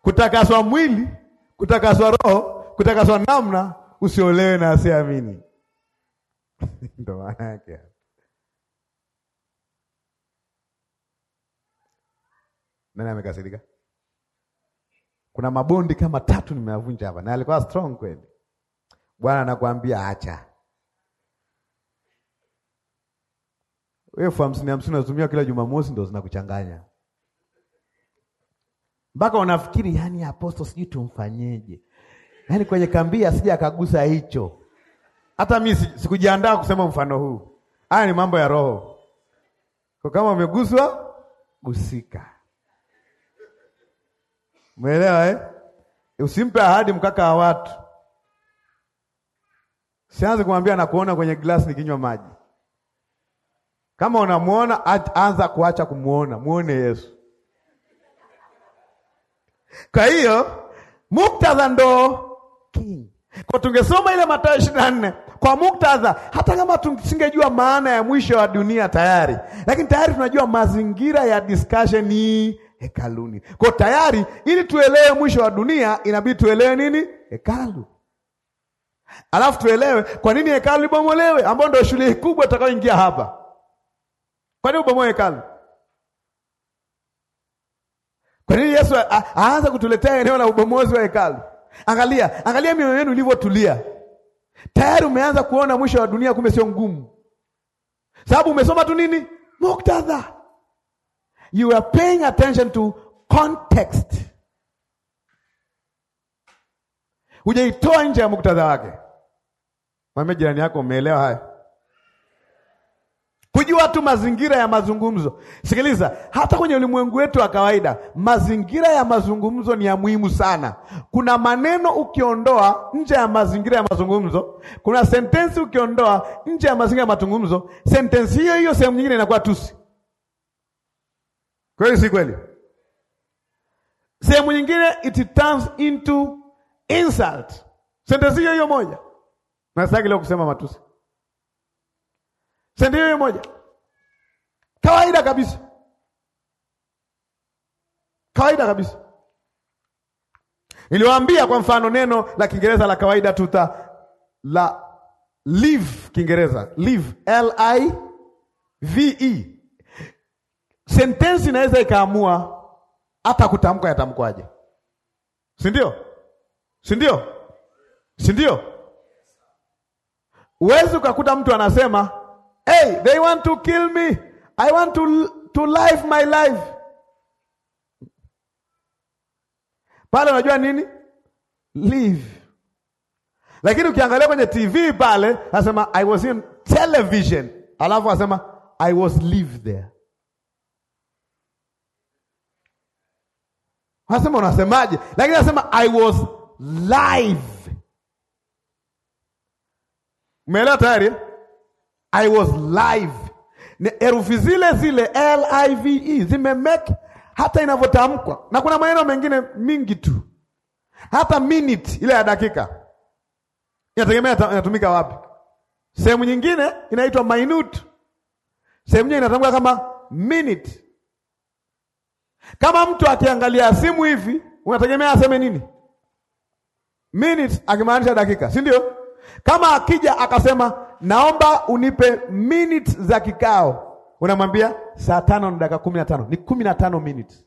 S1: kutakaswa mwili, kutakaswa roho, kutakaswa namna usiolewe na asiamini. ndo maana yake Nani amekasirika? Kuna mabondi kama tatu nimeavunja hapa, na alikuwa strong kweli. Bwana anakuambia acha elfu hamsini hamsini unatumia kila Jumamosi, ndo zinakuchanganya mpaka unafikiri, yani apostol sijui tumfanyeje, yani kwenye kambia sija akagusa hicho hata mimi sikujiandaa kusema mfano huu. Haya ni mambo ya roho. Kwa kama umeguswa, gusika. Umeelewa eh? Usimpe ahadi mkaka wa watu. Sianze kumwambia nakuona kwenye glasi nikinywa maji. Kama unamuona, anza kuacha kumuona, muone Yesu. Kwa hiyo muktadha ndo king. Kwa tungesoma ile Mathayo ishirini na nne kwa muktadha, hata kama tusingejua maana ya mwisho wa dunia tayari, lakini tayari tunajua mazingira ya discussion ni hekaluni. Kwa tayari, ili tuelewe mwisho wa dunia inabidi tuelewe nini? Hekalu. Alafu tuelewe kwa nini hekalu libomolewe, ambao ndio shule kubwa tutakayoingia hapa. Kwa nini ubomoe hekalu? Kwa nini Yesu aanza kutuletea eneo la ubomozi wa hekalu? Angalia, angalia mioyo yenu ilivyotulia tayari umeanza kuona mwisho wa dunia, kumbe sio ngumu, sababu umesoma tu nini muktadha. You are paying attention to context, hujaitoa nje ya muktadha wake. Mwambie jirani yako umeelewa haya kujua tu mazingira ya mazungumzo. Sikiliza, hata kwenye ulimwengu wetu wa kawaida mazingira ya mazungumzo ni ya muhimu sana. Kuna maneno ukiondoa nje ya mazingira ya mazungumzo, kuna sentensi ukiondoa nje ya mazingira ya mazungumzo, sentensi hiyo hiyo sehemu nyingine inakuwa tusi. Kweli si kweli? Sehemu nyingine it turns into insult, sentensi hiyo hiyo moja. Nasitaki leo kusema matusi si hiyo moja, kawaida kabisa, kawaida kabisa. Niliwaambia kwa mfano neno la Kiingereza la kawaida tuta la live, Kiingereza live, L I V E. Sentensi inaweza ikaamua hata kutamkwa, yatamkwaje? si ndio? si ndio? si ndio? Huwezi ukakuta mtu anasema Hey, they want to kill me. I want to, to live my life. Pale unajua nini? Live. Lakini ukiangalia kwenye TV pale, nasema I was in television. Alafu asema I was live there. Nasema unasemaje? Lakini anasema I was live. Umeelewa tayari? I was live. Herufi zile zile L I V E make hata inavyotamkwa, na kuna maneno mengine mingi tu, hata minute ile ya dakika inategemea inatumika wapi. Sehemu nyingine inaitwa minute, sehemu nyingine inatamka kama minute. Kama mtu akiangalia simu hivi, unategemea aseme nini? Minute akimaanisha dakika, si ndio? Kama akija akasema naomba unipe minutes za kikao, unamwambia saa tano na dakika kumi na tano ni kumi na tano minutes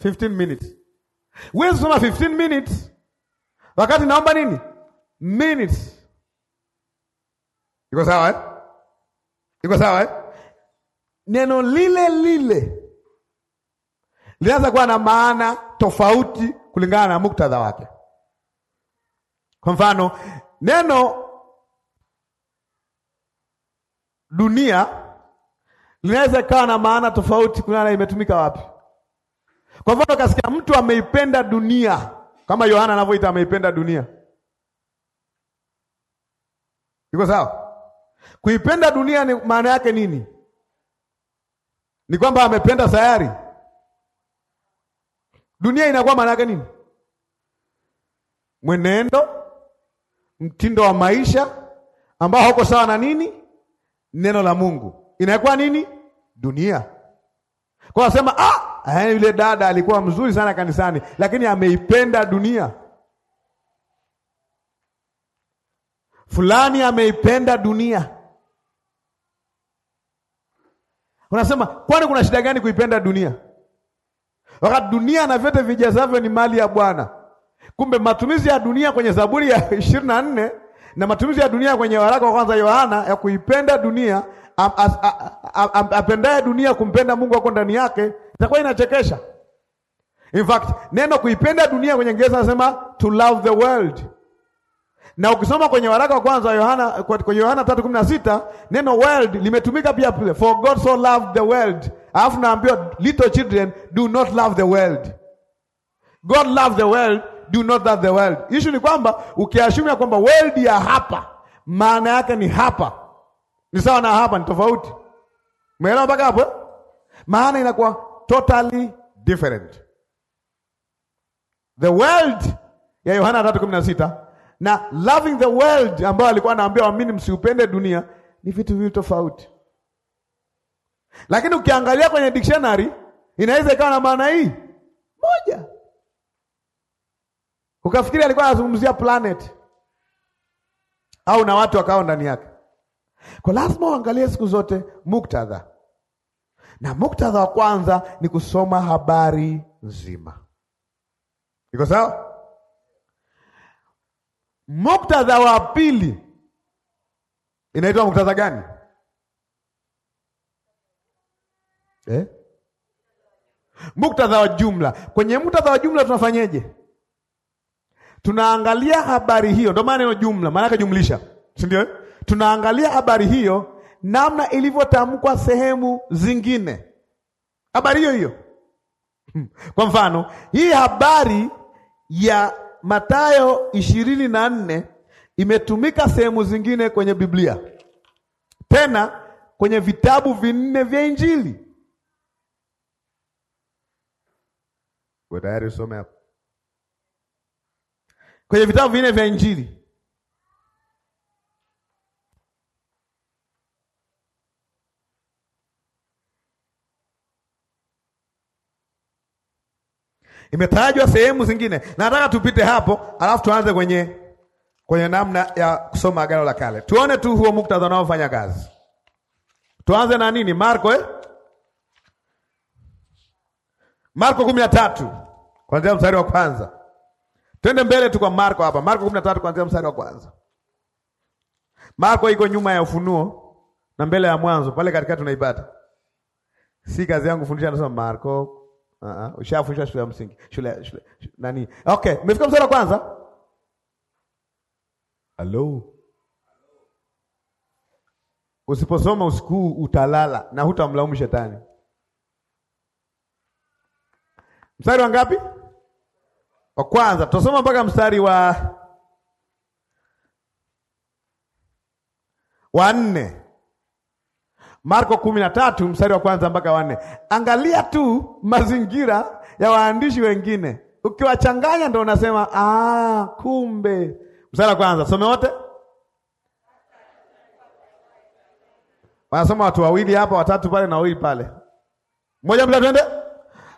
S1: 15 minutes. Wewe unasema 15 minutes wakati naomba nini minutes. Iko sawa eh? Iko sawa eh? Neno lile lile linaanza kuwa na maana tofauti kulingana na muktadha wake. Kwa mfano neno dunia linaweza ikawa na maana tofauti kulingana na imetumika wapi. Kwa mfano, kasikia mtu ameipenda dunia kama Yohana anavyoita ameipenda dunia. Iko sawa? Kuipenda dunia ni maana yake nini? Ni kwamba amependa sayari dunia inakuwa maana yake nini? Mwenendo, mtindo wa maisha ambao hauko sawa na nini neno la Mungu inakuwa nini? Dunia. Kwa nasema ah, eh, yule dada alikuwa mzuri sana kanisani, lakini ameipenda dunia. Fulani ameipenda dunia. Unasema kwani kuna shida gani kuipenda dunia, wakati dunia na vyote vijazavyo ni mali ya Bwana? Kumbe matumizi ya dunia kwenye Zaburi ya ishirini na nne na matumizi ya dunia kwenye waraka wa kwanza Yohana ya kuipenda dunia, apendaye dunia kumpenda Mungu wako ndani yake, itakuwa inachekesha. In fact, neno kuipenda dunia kwenye Kiingereza nasema to love the world. Na ukisoma kwenye waraka wa kwanza wa Yohana kwa Yohana 3:16 neno world limetumika pia pale, for God so loved the world. Alafu naambiwa little children do not love the world. God love the world do not that the world. Ishu ni kwamba ukiashimu ya kwamba world ya hapa maana yake ni hapa, ni sawa na hapa, ni tofauti. Umeelewa mpaka hapo? Eh? Maana inakuwa totally different. The world ya Yohana 3:16 na loving the world ambayo alikuwa anaambia waamini msiupende dunia ni vitu viwili tofauti, lakini ukiangalia kwenye dictionary inaweza ikawa na maana hii moja ukafikiri alikuwa anazungumzia planet au na watu wakao ndani yake. Kwa lazima uangalie siku zote muktadha, na muktadha wa kwanza ni kusoma habari nzima. Iko sawa? Muktadha wa pili inaitwa muktadha gani eh? Muktadha wa jumla. Kwenye muktadha wa jumla tunafanyeje? Tunaangalia habari hiyo, ndio maana neno jumla maana yake jumlisha, si ndio? Tunaangalia habari hiyo namna ilivyotamkwa sehemu zingine, habari hiyo hiyo. Hmm. Kwa mfano hii habari ya Mathayo ishirini na nne imetumika sehemu zingine kwenye Biblia, tena kwenye vitabu vinne vya Injili. Tayari usome hapo kwenye vitabu vinne vya Injili. Imetajwa sehemu zingine, nataka tupite hapo, alafu tuanze kwenye kwenye namna ya kusoma Agano la Kale, tuone tu huo muktadha unaofanya kazi. Tuanze na nini? Marko eh? Marko kumi na tatu kuanzia mstari wa kwanza. Twende mbele tu kwa Marko hapa, Marko 13 kuanzia mstari wa kwanza. Marko iko nyuma ya Ufunuo na mbele ya Mwanzo, pale katikati tunaipata. Si kazi yangu kufundisha, nasema Marko. Uh -huh. Ushafundishwa shule ya msingi, shule, shule nani? Okay, umefika mstari wa kwanza. Hello. Usiposoma usiku utalala na hutamlaumu shetani. Mstari wa ngapi? wa kwanza, tutasoma mpaka mstari wa wa nne, Marko kumi na tatu mstari wa kwanza mpaka wanne. Angalia tu mazingira ya waandishi wengine, ukiwachanganya ndo unasema ah, kumbe. Mstari wa kwanza, some wote wanasoma watu wawili hapa, watatu pale na wawili pale, mmoja mla, twende.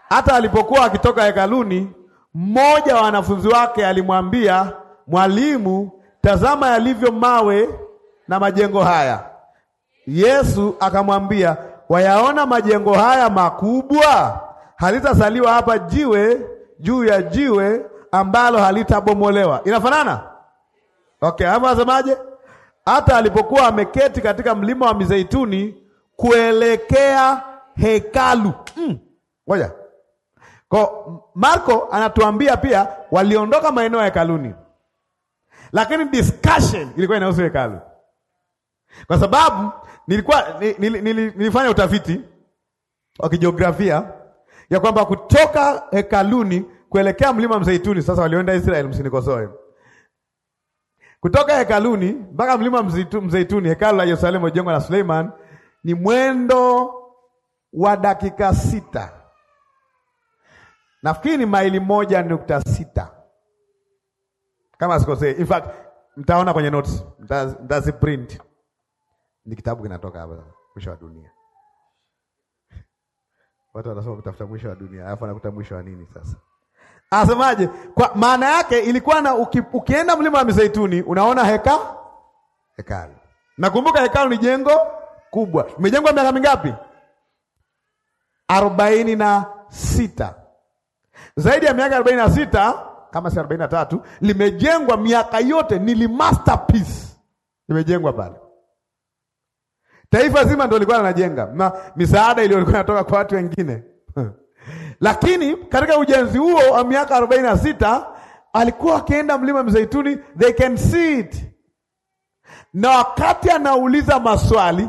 S1: Hata alipokuwa akitoka hekaluni mmoja wa wanafunzi wake alimwambia, Mwalimu, tazama yalivyo mawe na majengo haya. Yesu akamwambia, wayaona majengo haya makubwa? Halitasaliwa hapa jiwe juu ya jiwe ambalo halitabomolewa. Inafanana? Okay, hapo asemaje? Hata alipokuwa ameketi katika mlima wa Mizeituni kuelekea hekalu. Mm, ngoja. Mm. Kwa Marko anatuambia pia waliondoka maeneo ya hekaluni, lakini discussion ilikuwa inahusu hekalu, kwa sababu nilikuwa nil, nil, nilifanya utafiti wa kijiografia ya kwamba kutoka hekaluni kuelekea mlima Mzeituni. Sasa walioenda Israeli, msinikosoe. Kutoka hekaluni mpaka mlima Mzeituni, hekalu la Yerusalemu jengo la Suleiman, ni mwendo wa dakika sita nafikiri ni maili moja nukta sita kama sikosee. In fact mtaona kwenye notes, mtazi print Ni kitabu kinatoka hapa, mwisho wa dunia. Watu wanasoma kutafuta mwisho wa dunia, alafu anakuta mwisho wa nini? Sasa anasemaje? Kwa maana yake ilikuwa na uki, ukienda mlima wa Mizeituni unaona heka hekalu. Nakumbuka hekalu ni jengo kubwa, imejengwa miaka mingapi? arobaini na sita zaidi ya miaka 46 na sita kama si 43, na tatu limejengwa miaka yote, nili masterpiece limejengwa pale. Taifa zima ndio lilikuwa linajenga na misaada iliyokuwa inatoka kwa watu wengine lakini katika ujenzi huo wa miaka arobaini na sita alikuwa akienda mlima Mzeituni, they can see it, na wakati anauliza maswali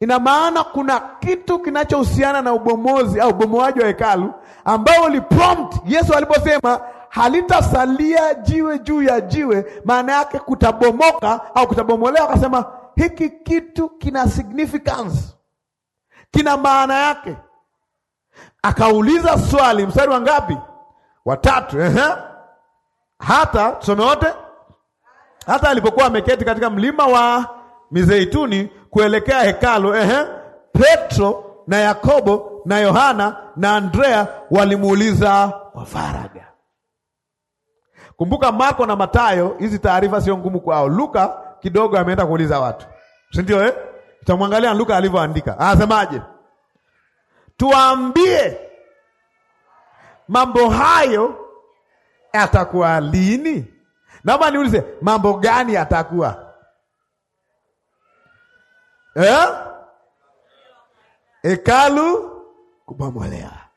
S1: Ina maana kuna kitu kinachohusiana na ubomozi au ubomoaji wa hekalu ambao uliprompt Yesu aliposema halitasalia jiwe juu ya jiwe, maana yake kutabomoka au kutabomolewa. Akasema hiki kitu kina significance, kina maana yake. Akauliza swali, mstari wa ngapi? Watatu. Ehe, hata tusome wote. Hata alipokuwa ameketi katika mlima wa Mizeituni kuelekea hekalu. Ehe, Petro na Yakobo na Yohana na Andrea walimuuliza kwa faraga. Kumbuka Marko na Matayo, hizi taarifa sio ngumu kwao. Luka kidogo ameenda kuuliza watu, si ndio? Eh, tutamwangalia Luka alivyoandika, anasemaje? Tuambie mambo hayo atakuwa lini? Naomba niulize, mambo gani atakuwa eh? Hekalu kubomolea.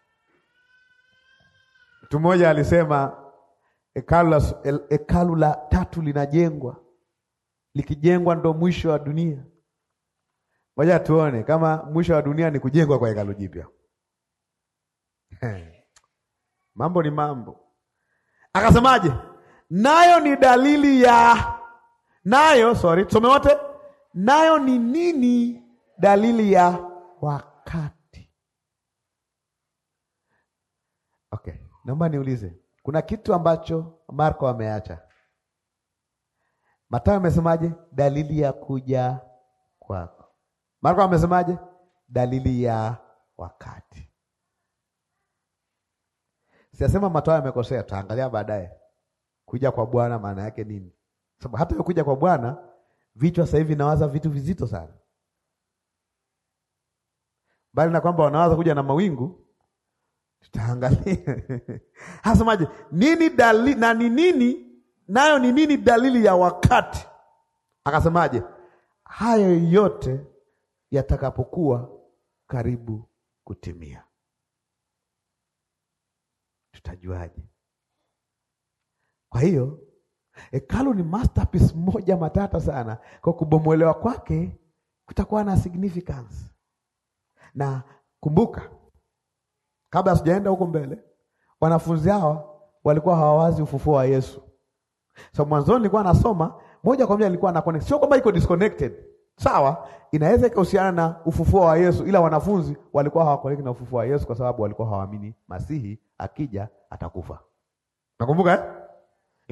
S1: Mtu mmoja alisema hekalu la, hekalu la tatu linajengwa, likijengwa ndo mwisho wa dunia. Ngoja tuone kama mwisho wa dunia ni kujengwa kwa hekalu jipya. Mambo ni mambo. Akasemaje? Nayo ni dalili ya nayo, sorry, tusome wote nayo ni nini? Dalili ya wakati. Okay, naomba niulize, kuna kitu ambacho Marko ameacha. Mathayo amesemaje? Dalili ya kuja kwako. Marko amesemaje? Dalili ya wakati. Siasema Mathayo amekosea, tutaangalia baadaye. Kuja kwa Bwana maana yake nini? Sababu hata kuja kwa Bwana Vichwa sasa hivi nawaza vitu vizito sana, bali na kwamba wanawaza kuja na mawingu. Tutaangalia hasemaje, nini dalili na ni nini nayo ni nini dalili ya wakati. Akasemaje, hayo yote yatakapokuwa karibu kutimia, tutajuaje? Kwa hiyo Hekalu ni masterpiece moja matata sana, kwa kubomolewa kwake kutakuwa na significance. Na kumbuka, kabla sijaenda huko mbele, wanafunzi hawa walikuwa hawawazi ufufuo wa Yesu. So mwanzoni nilikuwa nasoma moja kwa moja, nilikuwa na connect, sio kwamba iko disconnected. Sawa, inaweza ikahusiana na ufufuo wa Yesu, ila wanafunzi walikuwa hawakoneki na ufufuo wa Yesu kwa sababu walikuwa hawaamini Masihi akija atakufa. Nakumbuka eh?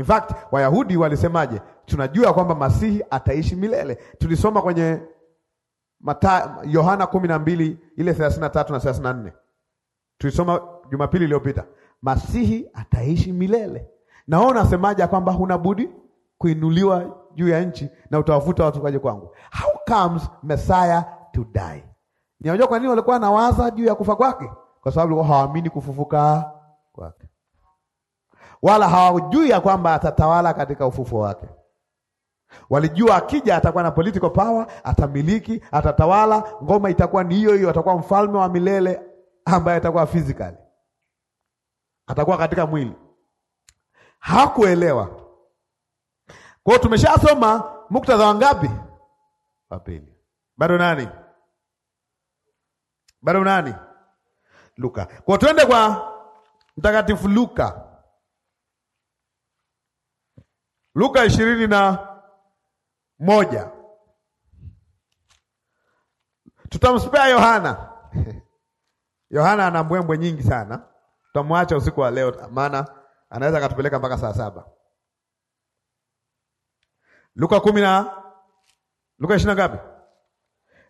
S1: In fact, Wayahudi walisemaje? Tunajua kwamba Masihi ataishi milele. Tulisoma kwenye Mata, Yohana kumi na mbili ile thelathini na tatu na thelathini na nne tulisoma Jumapili iliyopita. Masihi ataishi milele, na wao unasemaje kwamba huna budi kuinuliwa juu ya nchi na utawavuta watu kaje kwangu. How comes Messiah to die? Ni kwa nini walikuwa nawaza juu ya kufa kwake? Kwa sababu hawaamini kufufuka kwake wala hawajui ya kwamba atatawala katika ufufuo wake. Walijua akija atakuwa na political power, atamiliki, atatawala, ngoma itakuwa ni hiyo hiyo, atakuwa mfalme wa milele ambaye atakuwa physical, atakuwa katika mwili. Hakuelewa. Kwa hiyo tumeshasoma muktadha wa ngapi? Wa pili. Bado nani? Bado nani? Luka. Kwa twende kwa Mtakatifu Luka Luka ishirini na moja tutamspea Yohana. Yohana ana mbwembwe nyingi sana, tutamwacha usiku wa leo, maana anaweza akatupeleka mpaka saa saba. Luka kumi na Luka ishirini na ngapi?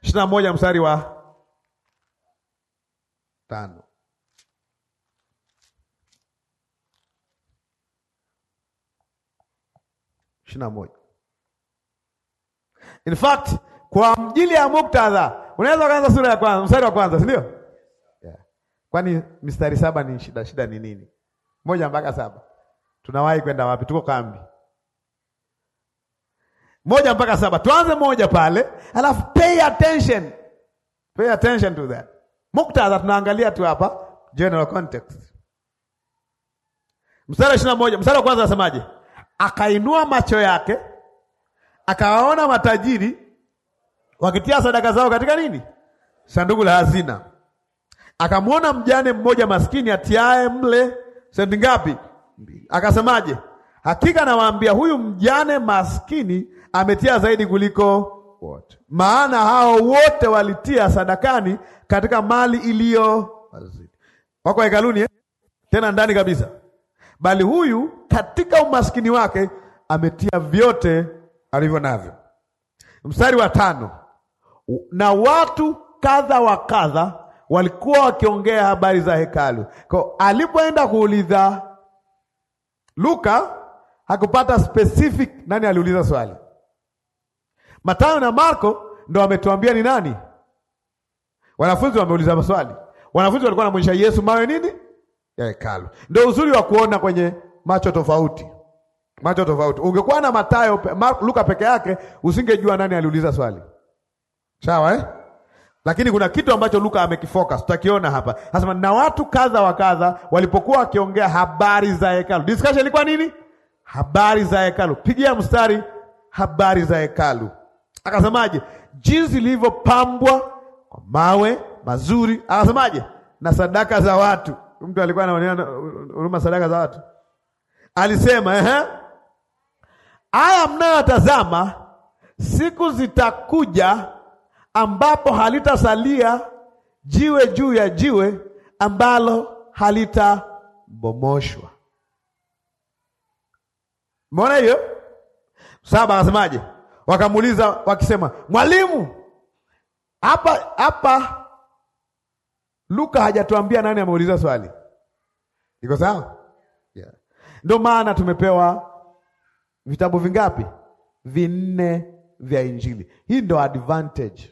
S1: ishirini na moja mstari wa tano. ishirini na moja. In fact, kwa mjili ya muktadha unaweza ukaanza sura ya kwanza mstari wa kwanza, si ndio? Yeah. Kwani mistari saba ni shida? Shida ni nini? Moja mpaka saba tunawahi kwenda wapi? Tuko kambi moja mpaka saba. Tuanze moja pale, alafu pay attention, pay attention to that muktadha. Tunaangalia tu hapa general context, mstari wa ishirini na moja, mstari wa kwanza nasemaje? akainua macho yake akawaona matajiri wakitia sadaka zao katika nini, sanduku la hazina. Akamwona mjane mmoja maskini atiae mle senti ngapi, akasemaje? Hakika nawaambia huyu mjane maskini ametia zaidi kuliko wote, maana hao wote walitia sadakani katika mali iliyo wako hekaluni eh? Tena ndani kabisa bali huyu katika umaskini wake ametia vyote alivyo navyo. Mstari wa tano, na watu kadha wa kadha walikuwa wakiongea habari za hekalu. Kwa alipoenda kuuliza Luka hakupata specific nani aliuliza swali. matayo na Marko ndo wametuambia ni nani. Wanafunzi wameuliza maswali. Wanafunzi walikuwa wanamwonyesha Yesu mawe nini? ya hekalu. Ndio uzuri wa kuona kwenye macho tofauti, macho tofauti. Ungekuwa na Mathayo pe, Luka peke yake usingejua nani aliuliza swali, sawa eh? Lakini kuna kitu ambacho Luka amekifocus, tutakiona hapa. Anasema na watu kadha wa kadha walipokuwa wakiongea habari za hekalu. Discussion ilikuwa nini? Habari za hekalu. Pigia mstari, habari za hekalu. Akasemaje? Jinsi lilivyopambwa kwa mawe mazuri. Akasemaje? Na sadaka za watu mtu alikuwa anaonea huruma sadaka za watu, alisema ehe, aya mnayotazama, siku zitakuja ambapo halitasalia jiwe juu ya jiwe ambalo halitabomoshwa. Mbona hiyo saba? Akasemaje? Wakamuuliza wakisema, mwalimu, hapa hapa Luka hajatuambia nani ameuliza swali. Iko sawa? Yeah. Ndio maana tumepewa vitabu vingapi? Vinne vya Injili. Hii ndio advantage.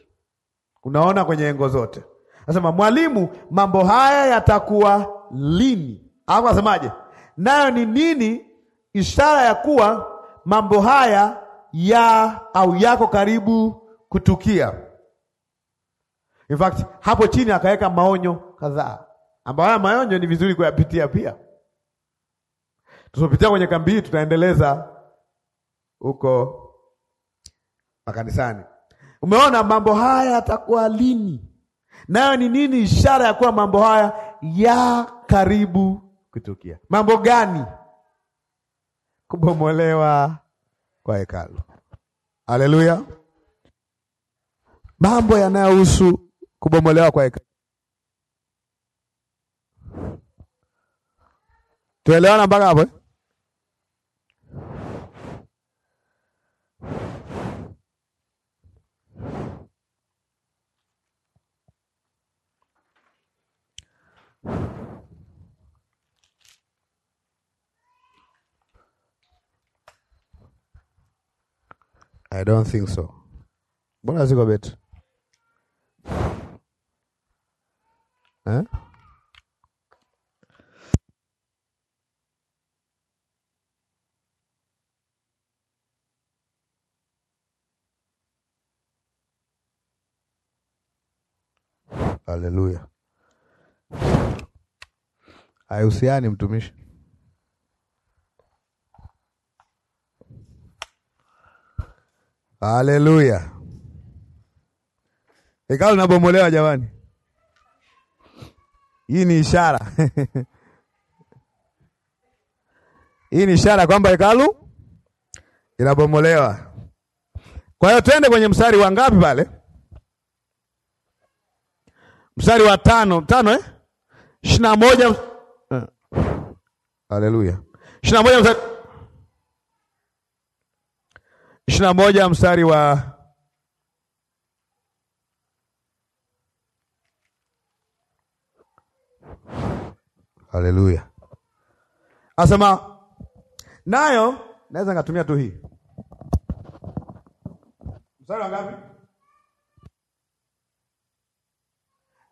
S1: Unaona kwenye engo zote. Anasema mwalimu, mambo haya yatakuwa lini? Hapo asemaje? Nayo ni nini ishara ya kuwa mambo haya ya au yako karibu kutukia? In fact, hapo chini akaweka maonyo kadhaa ambayo haya maonyo ni vizuri kuyapitia pia. Tusipopitia kwenye kambi hii tutaendeleza huko makanisani. Umeona mambo haya yatakuwa lini? Nayo ni nini ishara ya kuwa mambo haya ya karibu kutukia? Mambo gani? Kubomolewa kwa hekalu. Haleluya! Mambo yanayohusu kubomolewa kwa hekalu. Tuelewana mpaka hapo? Eh? I don't think so. Mbona ziko haihusiani mtumishi. Haleluya! hekalu linabomolewa jamani, hii ni ishara hii ni ishara kwamba hekalu inabomolewa. Kwa hiyo twende kwenye mstari wa ngapi pale? Mstari wa tano tano, eh? ishirini na moja Haleluya. ishirini na moja mstari ishirini na moja mstari wa haleluya, asema nayo, naweza ngatumia tu hii mstari wa ngapi?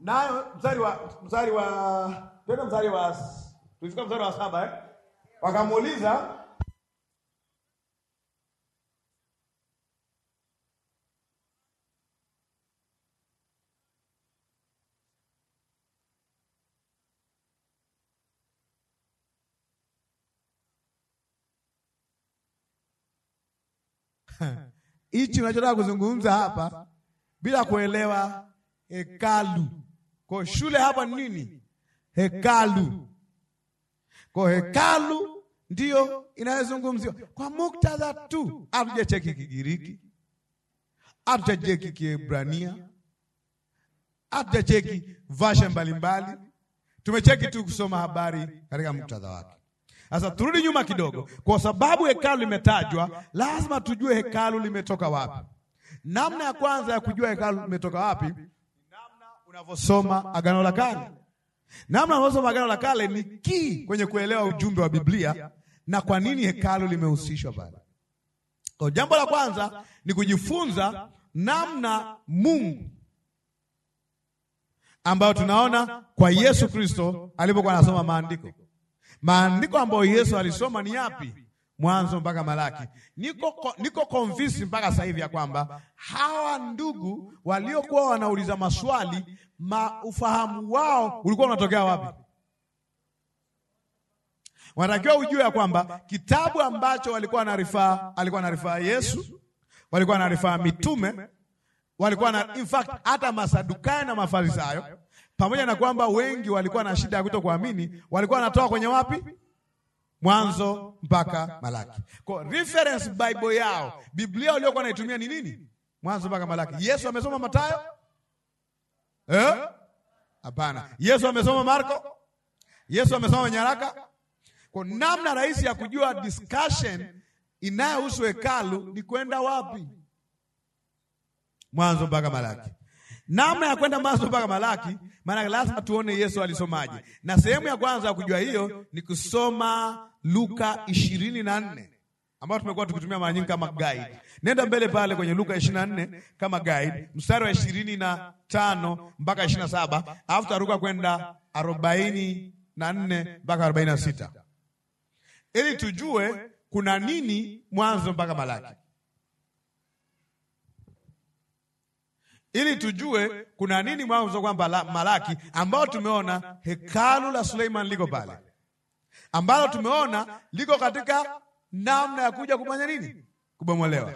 S1: Nayo mstari wa mstari wa tena mstari wa Tulifika mstari wa saba eh? Wakamuuliza hichi unachotaka kuzungumza hapa bila kuelewa hekalu. Kwa shule hapa ni nini? Hekalu. Kwa hekalu ndiyo inayozungumziwa kwa muktadha tu, hatujacheki Kigiriki, hatujacheki Kiebrania, hatujacheki vasha mbalimbali, tumecheki tu kusoma habari katika muktadha wake. Sasa turudi nyuma kidogo, kwa sababu hekalu limetajwa, lazima tujue hekalu limetoka wapi. Namna ya kwanza ya kujua hekalu limetoka wapi, namna unavyosoma Agano la Kale. Namna ambazo Agano la Kale ni kii kwenye kuelewa ujumbe wa Biblia na kwa nini hekalu limehusishwa pale. Kwa jambo la kwanza ni kujifunza namna Mungu ambayo tunaona kwa Yesu Kristo alipokuwa anasoma maandiko. Maandiko ambayo Yesu alisoma ni yapi? Mwanzo mpaka Malaki. Niko, niko convinced mpaka sasa hivi ya kwamba hawa ndugu waliokuwa wanauliza maswali ma ufahamu wao ulikuwa unatokea wapi? Wanatakiwa ujue ya kwamba kitabu ambacho walikuwa wanarifaa, alikuwa anarifaa Yesu, walikuwa anarifaa mitume, walikuwa na in fact hata Masadukayo na Mafarisayo, pamoja na kwamba wengi walikuwa na shida ya kutokuamini, walikuwa wanatoa kwenye wapi? Mwanzo mpaka Malaki. Kwa reference Bible yao, Biblia waliokuwa naitumia ni nini? Mwanzo mpaka Malaki. Yesu amesoma Mathayo? Eh? Hapana. Yesu amesoma Marko? Yesu amesoma nyaraka? Kwa namna rahisi ya kujua discussion inayohusu hekalu ni kwenda wapi? Mwanzo mpaka Malaki. Namna ya kwenda Mwanzo mpaka Malaki, maana lazima tuone Yesu alisomaje. Na sehemu ya kwanza ya kujua hiyo ni kusoma Luka 24 ambao ambayo tumekuwa tukitumia mara nyingi kama guide. Nenda mbele pale kwenye Luka 24 kama guide, mstari wa 25 mpaka 27, alafu taruka kwenda 44 mpaka 46 ili tujue kuna nini mwanzo mpaka Malaki, ili tujue kuna nini mwanzo kwamba Malaki, ambao tumeona hekalu la Suleiman liko pale ambalo tumeona liko katika namna ya kuja kufanya nini? Kubomolewa.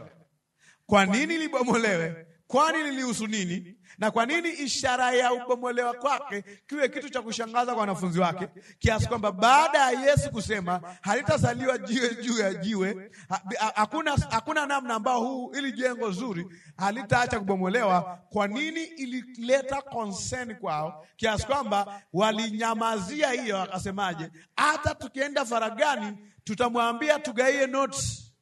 S1: Kwa nini libomolewe? Kwani lilihusu nini? Na kwa nini ishara ya ubomolewa kwake kiwe kitu cha kushangaza kwa wanafunzi wake kiasi kwamba baada ya Yesu kusema halitasaliwa jiwe juu ya jiwe, hakuna hakuna namna ambao huu ili jengo zuri halitaacha kubomolewa. Kwa nini ilileta concern kwao kiasi kwamba walinyamazia hiyo? Akasemaje, hata tukienda faragani tutamwambia tugaie notes.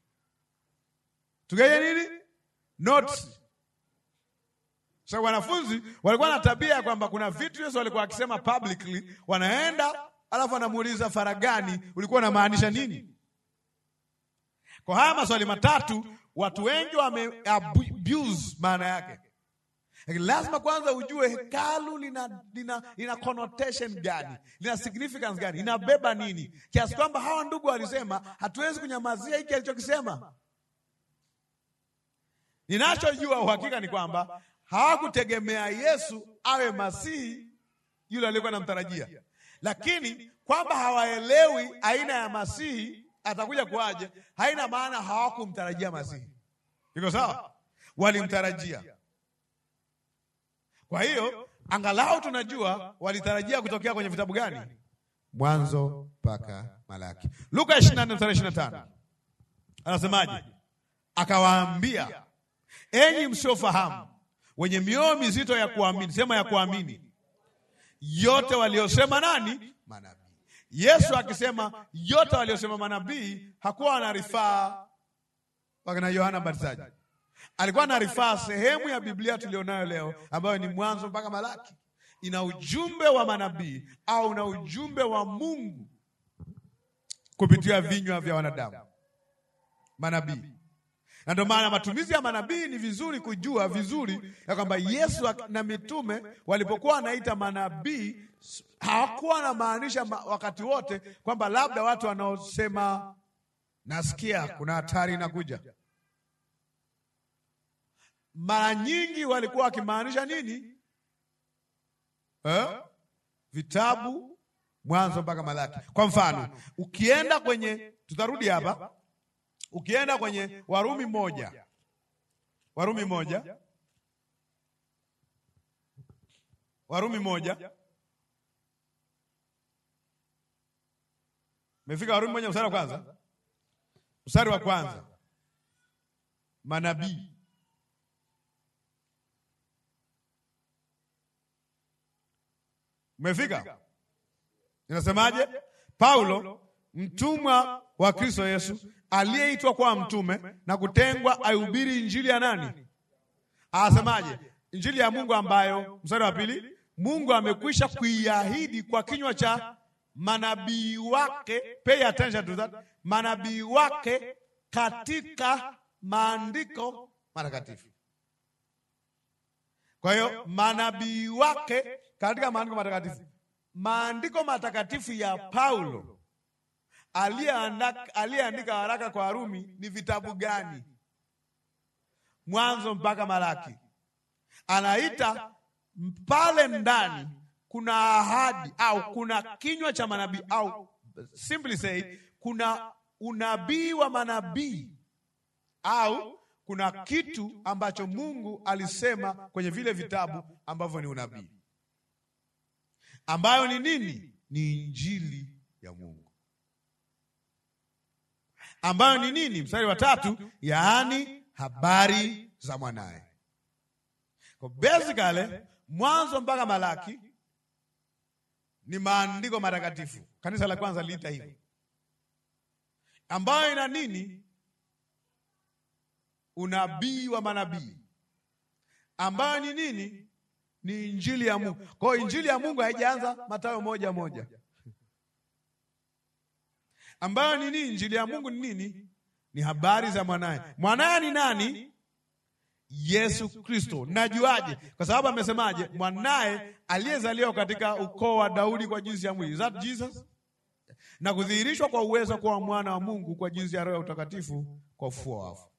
S1: Tugaie nini? Notes. So wanafunzi walikuwa na tabia ya kwamba kuna vitu Yesu alikuwa akisema publicly, wanaenda alafu anamuuliza faragani, ulikuwa unamaanisha nini? Kwa haya maswali matatu watu wengi wame abuse maana yake. Lakini lazima kwanza ujue hekalu lina, lina, lina connotation gani, lina significance gani, inabeba nini, kiasi kwamba hawa ndugu walisema hatuwezi kunyamazia hiki alichokisema. Ninachojua uhakika ni kwamba hawakutegemea Yesu awe masihi yule aliyekuwa anamtarajia, lakini kwamba hawaelewi aina ya masihi atakuja kuaje, haina maana hawakumtarajia masihi. Iko sawa? Walimtarajia. Kwa hiyo angalau tunajua walitarajia kutokea kwenye vitabu gani? Mwanzo mpaka Malaki. Luka 24:25 anasemaje? Akawaambia, enyi msiofahamu wenye mioyo mizito ya kuamini, sema ya kuamini yote waliosema nani? Manabii. Yesu akisema yote waliosema manabii hakuwa anarifaa wakina Yohana Mbatizaji, alikuwa anarifaa sehemu ya Biblia tulionayo leo ambayo ni Mwanzo mpaka Malaki, ina ujumbe wa manabii au na ujumbe wa Mungu kupitia vinywa vya wanadamu manabii na ndio maana matumizi ya manabii ni vizuri kujua vizuri ya kwamba Yesu na mitume walipokuwa wanaita manabii hawakuwa wanamaanisha wakati wote kwamba labda watu wanaosema nasikia kuna hatari inakuja. Mara nyingi walikuwa wakimaanisha nini eh? Vitabu Mwanzo mpaka Malaki. Kwa mfano, ukienda kwenye, tutarudi hapa Ukienda kwenye Warumi moja, Warumi moja, Warumi moja, mefika Warumi moja mstari wa kwanza, mstari wa kwanza, manabii mefika Inasemaje? Paulo mtumwa wa Kristo Yesu aliyeitwa kwa mtume na kutengwa aihubiri injili ya nani? Anasemaje? Injili ya Mungu ambayo, mstari wa pili, Mungu amekwisha kuiahidi kwa kinywa cha manabii wake. Pay attention to that, manabii wake katika maandiko matakatifu. Kwa hiyo manabii wake katika maandiko matakatifu, maandiko matakatifu ya Paulo aliyeandika waraka kwa Warumi ni vitabu gani? Mwanzo mpaka Malaki. Anaita pale ndani kuna ahadi au kuna kinywa cha manabii au simply say, kuna unabii wa manabii au kuna kitu ambacho Mungu alisema kwenye vile vitabu ambavyo ni unabii, ambayo ni nini? Ni injili ya Mungu ambayo ni nini? Mstari wa tatu, yaani habari za mwanaye. Kwa basically Mwanzo mpaka Malaki ni maandiko matakatifu, kanisa la kwanza liita hivyo, ambayo ina nini? Unabii wa manabii, ambayo ni nini? Ni injili ya Mungu. Kwa hiyo injili ya Mungu haijaanza Mathayo moja moja ambayo ni nini? Injili ya Mungu ni nini? Ni habari za mwanaye. Mwanaye ni nani? Yesu Kristo. Najuaje? Kwa sababu amesemaje? Mwanaye aliyezaliwa katika ukoo wa Daudi kwa jinsi ya mwili, that Jesus, na kudhihirishwa kwa uwezo kuwa mwana wa Mungu kwa jinsi ya Roho ya utakatifu kwa ufufuo wa wafu.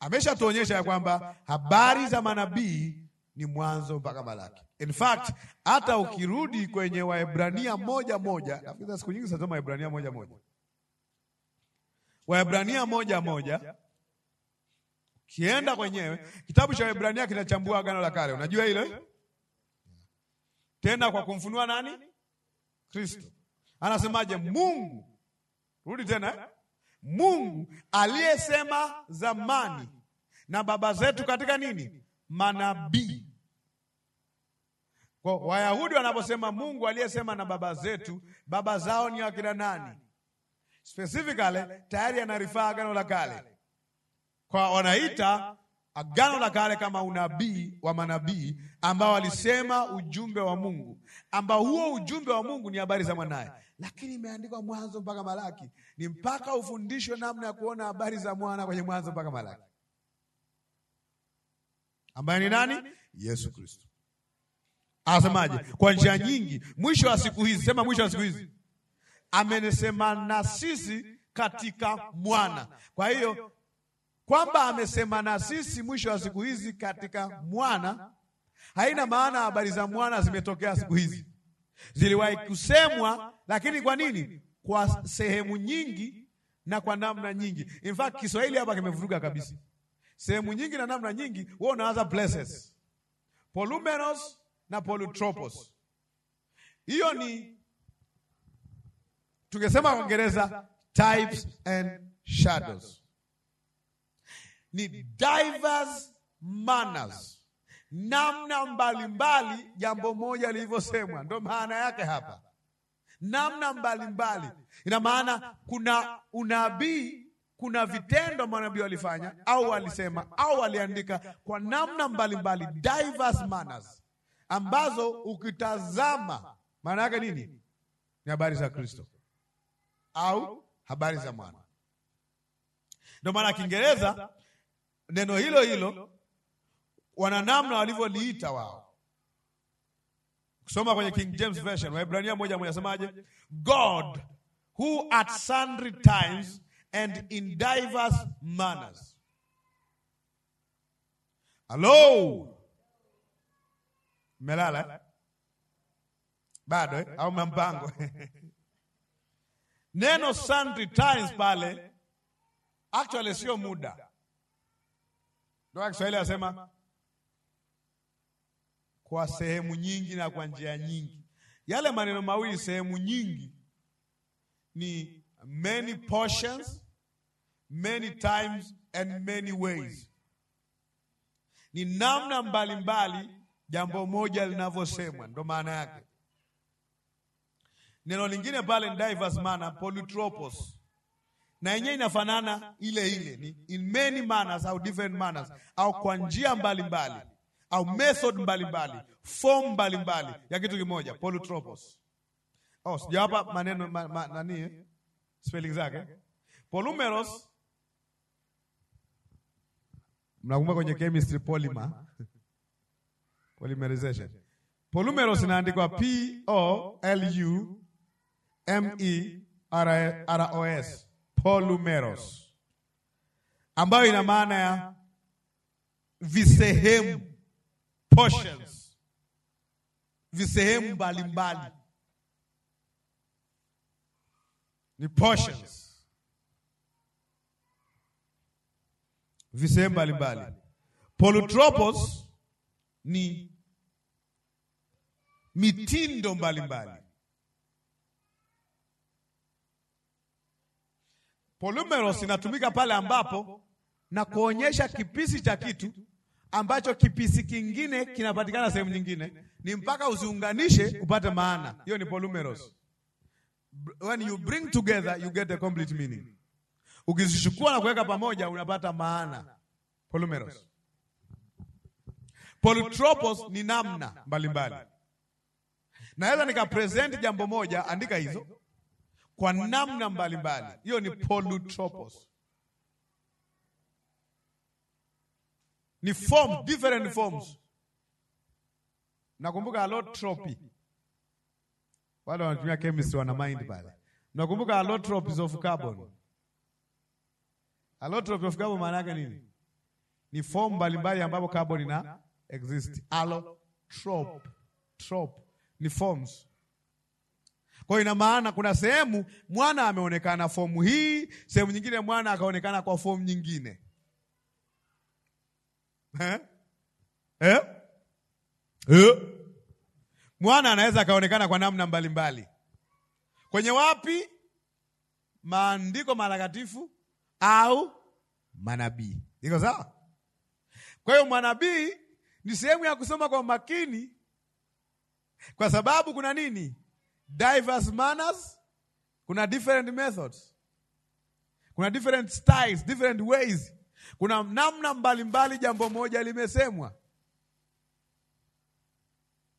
S1: Ameshatuonyesha ya kwamba habari za manabii ni mwanzo mpaka Malaki. In fact hata ukirudi kwenye Waebrania moja moja, nafikiri siku nyingi sasoma Waebrania moja moja, Waebrania moja moja, ukienda kwenyewe kitabu cha Waebrania kinachambua agano la kale, unajua hilo Tena kwa kumfunua nani? Kristo. Anasemaje? Mungu, rudi tena Mungu aliyesema zamani na baba zetu katika nini, manabii kwa Wayahudi wanaposema Mungu aliyesema na baba zetu, baba zao ni wakina nani? Specifically tayari anarifaa agano la kale, kwa wanaita agano la kale kama unabii wa manabii ambao walisema ujumbe wa Mungu, ambao huo ujumbe wa Mungu ni habari za mwanaye, lakini imeandikwa Mwanzo mpaka Malaki. Ni mpaka ufundishwe namna ya kuona habari za mwana kwenye Mwanzo mpaka Malaki, ambaye ni nani? Yesu Kristo. Anasemaje? Kwa njia nyingi, mwisho wa siku hizi, sema mwisho wa siku hizi, amenesema na sisi katika mwana. Kwa hiyo kwamba amesema na sisi mwisho wa siku hizi katika mwana haina maana habari za mwana zimetokea siku hizi, ziliwahi kusemwa, lakini kwa nini? Kwa sehemu nyingi na kwa namna nyingi. In fact Kiswahili hapa kimevuruga kabisa, sehemu nyingi na namna nyingi. Wewe unaanza blesses polumenos na Polutropos. Hiyo ni tungesema kwa Kiingereza types and shadows, ni diverse manners, namna mbalimbali mbali, jambo moja lilivyosemwa, ndo maana yake hapa namna mbalimbali Ina maana kuna unabii, kuna vitendo manabii walifanya au walisema au waliandika kwa namna mbalimbali mbali, diverse manners ambazo ukitazama maana yake nini? Ni habari za Kristo au habari za mwana. Ndio maana Kiingereza neno hilo hilo wana namna walivyoliita wao. Kusoma kwenye King James Version, Waebrania moja moja asemaje? God who at sundry times and in divers manners. Hello melala eh? eh? eh? bado eh? au mambango neno sundry times pale actually sio muda, ndio Kiswahili asema kwa sehemu nyingi na kwa njia nyingi. Yale maneno mawili sehemu nyingi ni many portions, many times and many ways, ni namna mbalimbali mbali jambo moja linavyosemwa, ndo maana yake. Neno lingine pale ni diverse maana, polytropos na yenyewe inafanana ile ile, ni in many manners au different manners, au kwa njia mbalimbali au method mbalimbali form mbalimbali ya kitu kimoja, polytropos. Oh, sijawapa maneno ma, ma, nani eh? spelling zake polymeros, mnakumbuka kwenye chemistry polymer polymerization. Polymerase inaandikwa P O L U M E R O S, polymerase, ambayo ina maana ya visehemu portions, visehemu mbalimbali ni portions, visehemu mbalimbali. Polytropos ni mitindo mbalimbali. Polymeros inatumika pale ambapo na kuonyesha kipisi cha kitu ambacho kipisi kingine kinapatikana sehemu nyingine, ni mpaka uziunganishe upate maana. Hiyo ni polymeros. When you bring together you get a complete meaning. Ukizishukua na kuweka pamoja unapata maana. Polymeros. Polytropos ni namna mbalimbali. Naweza nikapresent jambo moja, andika hizo kwa namna mbalimbali, hiyo ni polytropos. Ni form, different forms. Nakumbuka allotropy, wale wanatumia chemistry wana mind pale. Nakumbuka allotropies of carbon. Allotropy of carbon maana yake nini? Ni form mbalimbali ambapo carbon ina exist allotrope trope ni forms. Kwa hiyo ina maana kuna sehemu mwana ameonekana fomu hii, sehemu nyingine mwana akaonekana kwa fomu nyingine eh? Eh? Eh? Mwana anaweza akaonekana kwa namna mbalimbali mbali. Kwenye wapi? Maandiko matakatifu au manabii. Iko sawa? Kwa hiyo mwanabii ni sehemu ya kusoma kwa makini, kwa sababu kuna nini? Diverse manners, kuna different methods, kuna different styles, different ways, kuna namna mbalimbali jambo moja limesemwa.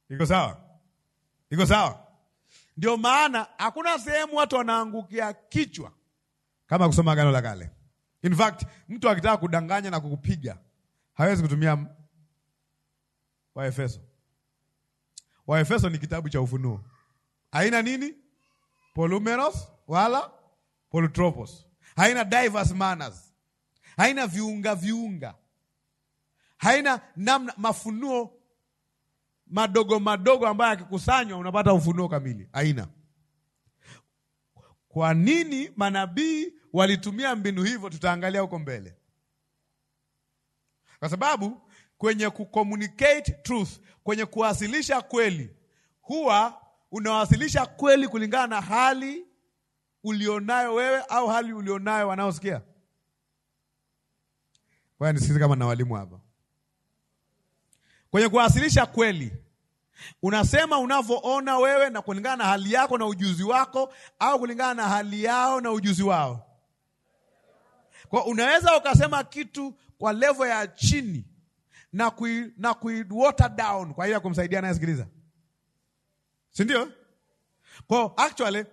S1: Iko sawa? Iko sawa? Ndio maana hakuna sehemu watu wanaangukia kichwa kama kusoma Agano la Kale. In fact, mtu akitaka kudanganya na kukupiga hawezi kutumia Waefeso. Waefeso ni kitabu cha Ufunuo. Haina nini? Polumeros wala polutropos. Haina diverse manners. Haina viunga viunga. Haina namna mafunuo madogo madogo ambayo yakikusanywa unapata ufunuo kamili. Haina. Kwa nini manabii walitumia mbinu hivyo? Tutaangalia huko mbele, kwa sababu kwenye kucommunicate truth, kwenye kuwasilisha kweli, huwa unawasilisha kweli kulingana na hali ulionayo wewe au hali ulionayo wanaosikia. Kwa sisi kama na walimu hapa. Kwenye kuwasilisha kweli unasema unavyoona wewe na kulingana na hali yako na ujuzi wako, au kulingana na hali yao na ujuzi wao. Kwa unaweza ukasema kitu kwa levo ya chini na kui, na kui water down kwa ajili ya kumsaidia sikiliza. si ndio? Kwa actually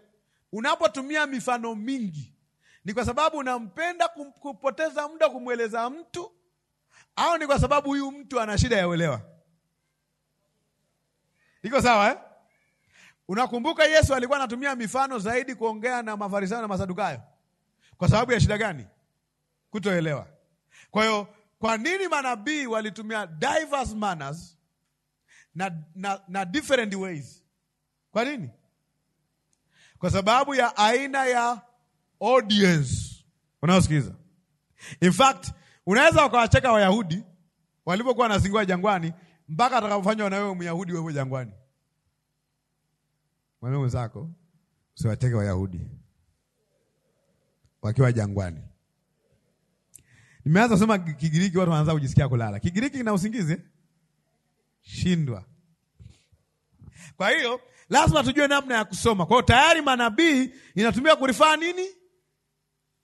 S1: unapotumia mifano mingi ni kwa sababu unampenda kupoteza muda kumweleza mtu, au ni kwa sababu huyu mtu ana shida ya uelewa? Iko sawa eh? Unakumbuka Yesu alikuwa anatumia mifano zaidi kuongea na Mafarisayo na Masadukayo kwa sababu ya shida gani? Kutoelewa. Kwa hiyo kwa nini manabii walitumia diverse manners na, na, na different ways? Kwa nini? Kwa sababu ya aina ya audience unaosikiliza. In fact, unaweza ukawacheka Wayahudi walipokuwa wanazingiwa jangwani mpaka atakapofanywa na wewe Myahudi wewe jangwani. Mwanao mwenzako usiwacheke Wayahudi wakiwa jangwani. Nimeanza kusema Kigiriki, watu wanaanza kujisikia kulala. Kigiriki kina usingizi shindwa. Kwa hiyo lazima tujue namna ya kusoma. Kwa hiyo tayari manabii inatumia kurifaa nini?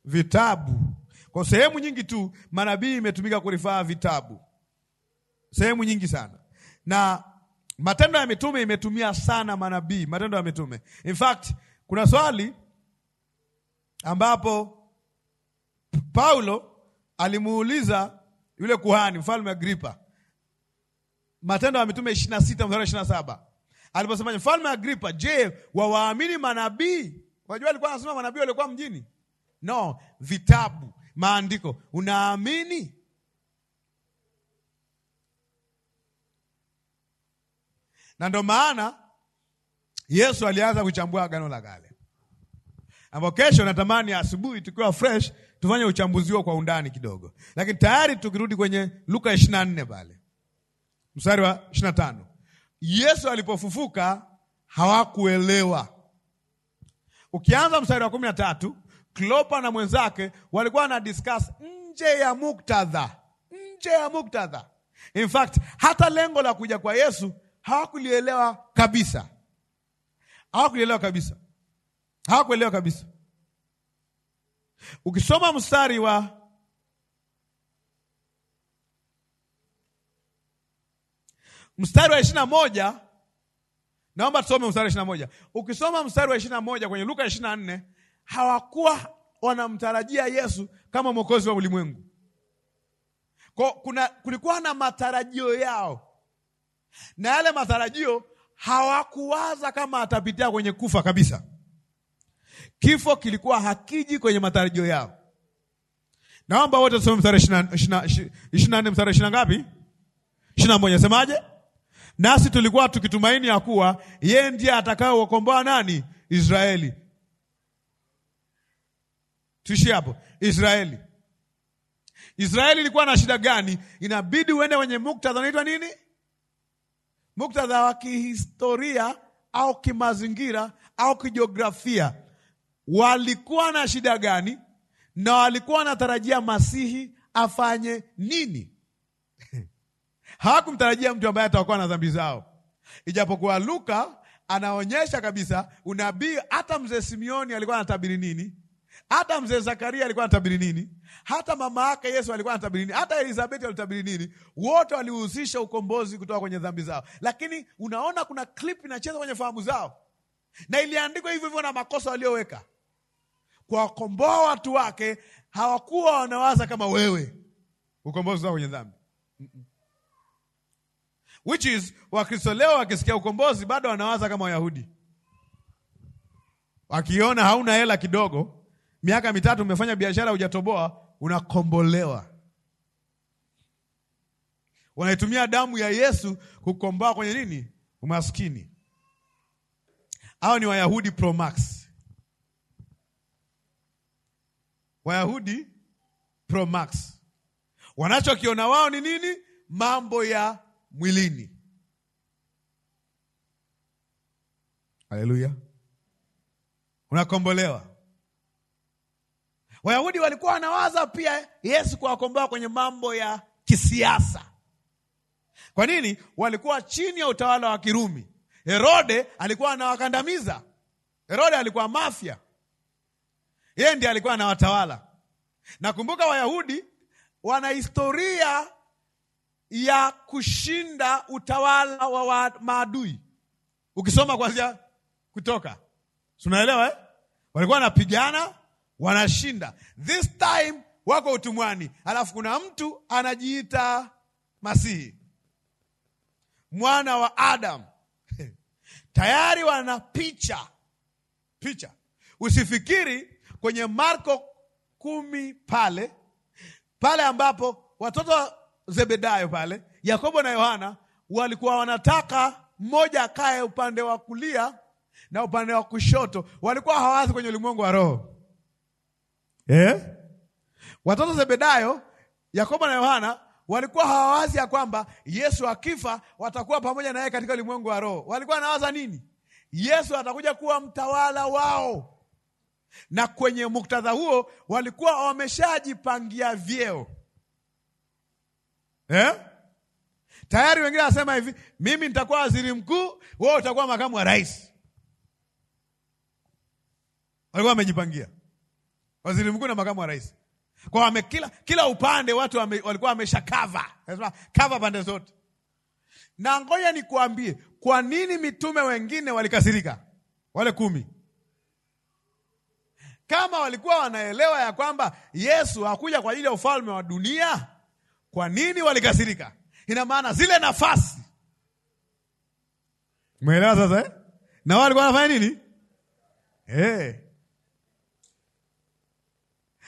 S1: Vitabu. Kwa sehemu nyingi tu manabii imetumika kurifaa vitabu, sehemu nyingi sana, na Matendo ya Mitume imetumia sana manabii, Matendo ya Mitume. In fact kuna swali ambapo Paulo alimuuliza yule kuhani mfalme Agripa, Matendo ya Mitume 26 mstari 27, aliposema mfalme Agripa, je, wawaamini manabii? wajua alikuwa anasema manabii walikuwa mjini, no vitabu, maandiko, unaamini? Na ndo maana Yesu alianza kuchambua agano la kale, ambapo kesho natamani asubuhi tukiwa fresh tufanye uchambuzi huo kwa undani kidogo, lakini tayari tukirudi kwenye Luka 24 pale mstari wa 25, Yesu alipofufuka hawakuelewa. Ukianza mstari wa kumi na tatu Klopa na mwenzake walikuwa na discuss nje ya muktadha, nje ya muktadha. In fact hata lengo la kuja kwa Yesu hawakulielewa kabisa, hawakulielewa kabisa, hawakuelewa kabisa. Ukisoma mstari wa mstari wa ishirini na moja naomba tusome mstari wa ishirini na moja Ukisoma mstari wa ishirini na moja kwenye Luka ishirini na nne hawakuwa wanamtarajia Yesu kama mwokozi wa ulimwengu. Kwa kuna kulikuwa na matarajio yao, na yale matarajio hawakuwaza kama atapitia kwenye kufa kabisa. Kifo kilikuwa hakiji kwenye matarajio yao. Naomba wote tusome mstari ishirini na nne mstari ishirini ngapi? ishirini na moja semaje? Nasi tulikuwa tukitumaini ya kuwa yeye ndiye atakayewakomboa nani? Israeli. Tuishie hapo. Israeli, Israeli ilikuwa na shida gani? Inabidi uende kwenye muktadha unaitwa nini? Muktadha wa kihistoria au kimazingira au kijiografia walikuwa na shida gani na walikuwa wanatarajia Masihi afanye nini? Hawakumtarajia mtu ambaye atakuwa na dhambi zao, ijapokuwa Luka anaonyesha kabisa unabii. Hata mzee Simeoni alikuwa anatabiri nini? Hata mzee Zakaria alikuwa anatabiri nini? Hata mama yake Yesu alikuwa anatabiri nini? Hata Elizabeti alitabiri nini? Wote walihusisha ukombozi kutoka kwenye dhambi zao, lakini unaona kuna klip inacheza kwenye fahamu zao, na iliandikwa hivyo hivyo na makosa walioweka kuwakomboa watu wake, hawakuwa wanawaza kama wewe ukombozi kwenye dhambi which is Wakristo leo wakisikia ukombozi bado wanawaza kama Wayahudi, wakiona hauna hela kidogo, miaka mitatu umefanya biashara hujatoboa, unakombolewa. Wanaitumia damu ya Yesu kukomboa kwenye nini? Umaskini. Hao ni Wayahudi pro max. Wayahudi pro max wanachokiona wao ni nini? Mambo ya mwilini. Haleluya, unakombolewa. Wayahudi walikuwa wanawaza pia Yesu kuwakomboa kwenye mambo ya kisiasa. Kwa nini? Walikuwa chini ya utawala wa Kirumi. Herode alikuwa anawakandamiza. Herode alikuwa mafia. Yeye ndiye alikuwa anawatawala. Nakumbuka Wayahudi wana historia ya kushinda utawala wa maadui. Ukisoma kwanzia Kutoka, tunaelewa eh? Walikuwa wanapigana wanashinda, this time wako utumwani, alafu kuna mtu anajiita Masihi, mwana wa Adam tayari wana picha picha. Usifikiri kwenye Marko kumi pale pale ambapo watoto Zebedayo pale Yakobo na Yohana walikuwa wanataka mmoja akae upande wa kulia na upande wa kushoto, walikuwa hawazi kwenye ulimwengu wa roho eh? Watoto Zebedayo, Yakobo na Yohana walikuwa hawawazi ya kwamba Yesu akifa watakuwa pamoja na yeye katika ulimwengu wa roho. Walikuwa wanawaza nini? Yesu atakuja kuwa mtawala wao na kwenye muktadha huo walikuwa wameshajipangia vyeo eh? Tayari wengine wanasema hivi, mimi nitakuwa waziri mkuu, wewe utakuwa makamu wa rais. Walikuwa wamejipangia waziri mkuu na makamu wa rais kwa wame, kila, kila upande watu wame, walikuwa wamesha kava kava pande zote. Na ngoja nikuambie kwa nini mitume wengine walikasirika, wale kumi kama walikuwa wanaelewa ya kwamba Yesu hakuja kwa ajili ya ufalme wa dunia, kwa nini walikasirika? Ina maana zile nafasi, umeelewa sasa eh? Na wao walikuwa wanafanya nini eh?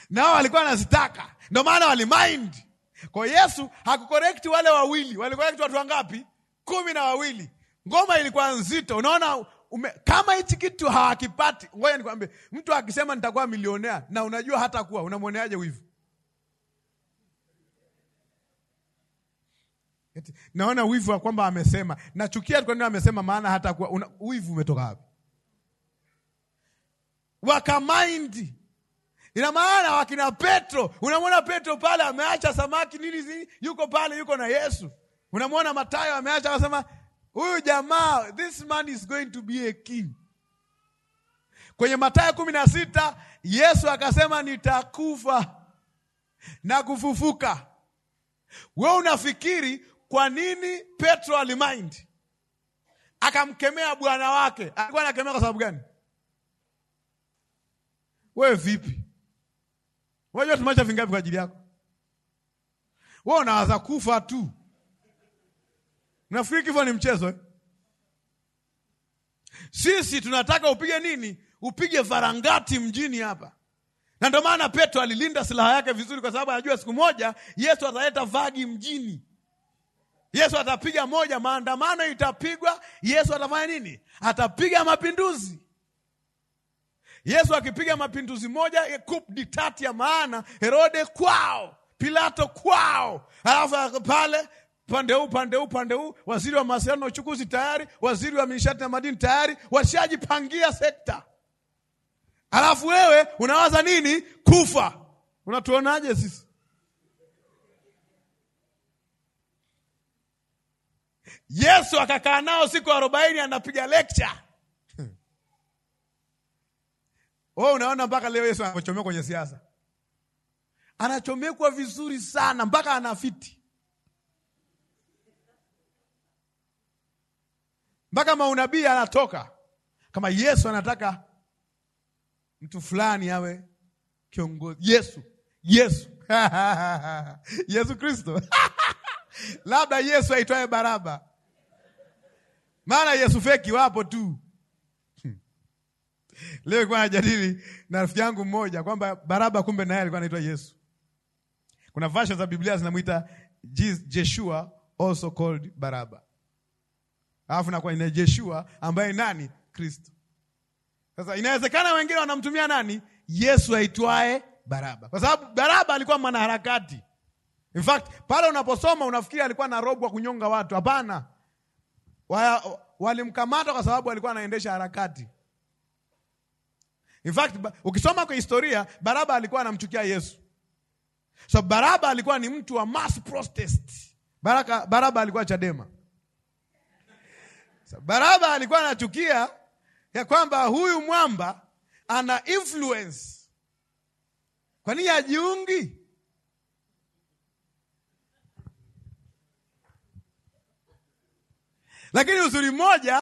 S1: Na wao walikuwa wanazitaka, ndio maana walimind. Kwa Yesu hakukorekti wale wawili, walikorekti watu wangapi? Kumi na wawili. Ngoma ilikuwa nzito. Unaona ume, kama hichi kitu hawakipati, ngoja nikwambie, mtu akisema nitakuwa milionea na unajua hata kuwa, unamwoneaje wivu? Naona wivu wa kwamba amesema, nachukia kwa nini amesema, maana hata kuwa una, wivu umetoka wapi? Wakamaindi ina maana wakina Petro, unamwona Petro pale ameacha samaki nini zini, yuko pale, yuko na Yesu. Unamwona Matayo ameacha, akasema huyu jamaa, this man is going to be a king. Kwenye Mathayo kumi na sita Yesu akasema nitakufa na kufufuka. We unafikiri kwa nini Petro alimaindi akamkemea bwana wake? Alikuwa anakemea kwa sababu gani? Wewe vipi? Unajua tumacha vingapi kwa ajili yako? Wewe unawaza kufa tu. Mnafikiri kifo ni mchezo eh? Sisi tunataka upige nini? Upige varangati mjini hapa, na ndio maana Petro alilinda silaha yake vizuri, kwa sababu anajua siku moja Yesu ataleta vagi mjini. Yesu atapiga moja, maandamano itapigwa. Yesu atafanya nini? Atapiga mapinduzi. Yesu akipiga mapinduzi moja, coup d'etat ya maana, Herode kwao, Pilato kwao, alafu pale pande huu pande huu pande huu, waziri wa mawasiliano na uchukuzi tayari, waziri wa nishati na madini tayari, washajipangia sekta. Alafu wewe unawaza nini? Kufa. Unatuonaje sisi? Yesu akakaa nao siku arobaini anapiga lecture. Oh, unaona mpaka leo Yesu anapochomekwa kwenye siasa, anachomekwa vizuri sana mpaka anafiti mpaka maunabii anatoka kama Yesu anataka mtu fulani awe kiongozi. Yesu Yesu Yesu Kristo labda Yesu aitwaye Baraba, maana Yesu feki wapo tu. Leo ilikuwa najadili na rafiki yangu mmoja kwamba Baraba kumbe naye alikuwa anaitwa Yesu. Kuna version za Biblia zinamwita Jeshua also called Baraba alafu nakuwa ina Yeshua ambaye nani? Kristo. Sasa inawezekana wengine wanamtumia nani? Yesu aitwaye Baraba, kwa sababu Baraba alikuwa mwanaharakati. In fact pale unaposoma unafikiri alikuwa na robo kunyonga watu. Hapana, walimkamata kwa sababu alikuwa anaendesha harakati. In fact ukisoma kwa historia, Baraba alikuwa anamchukia Yesu. So Baraba alikuwa ni mtu wa mass protest. Baraka, Baraba alikuwa Chadema. Baraba alikuwa anachukia ya kwamba huyu mwamba ana influence, kwa nini ajiungi? Lakini uzuri mmoja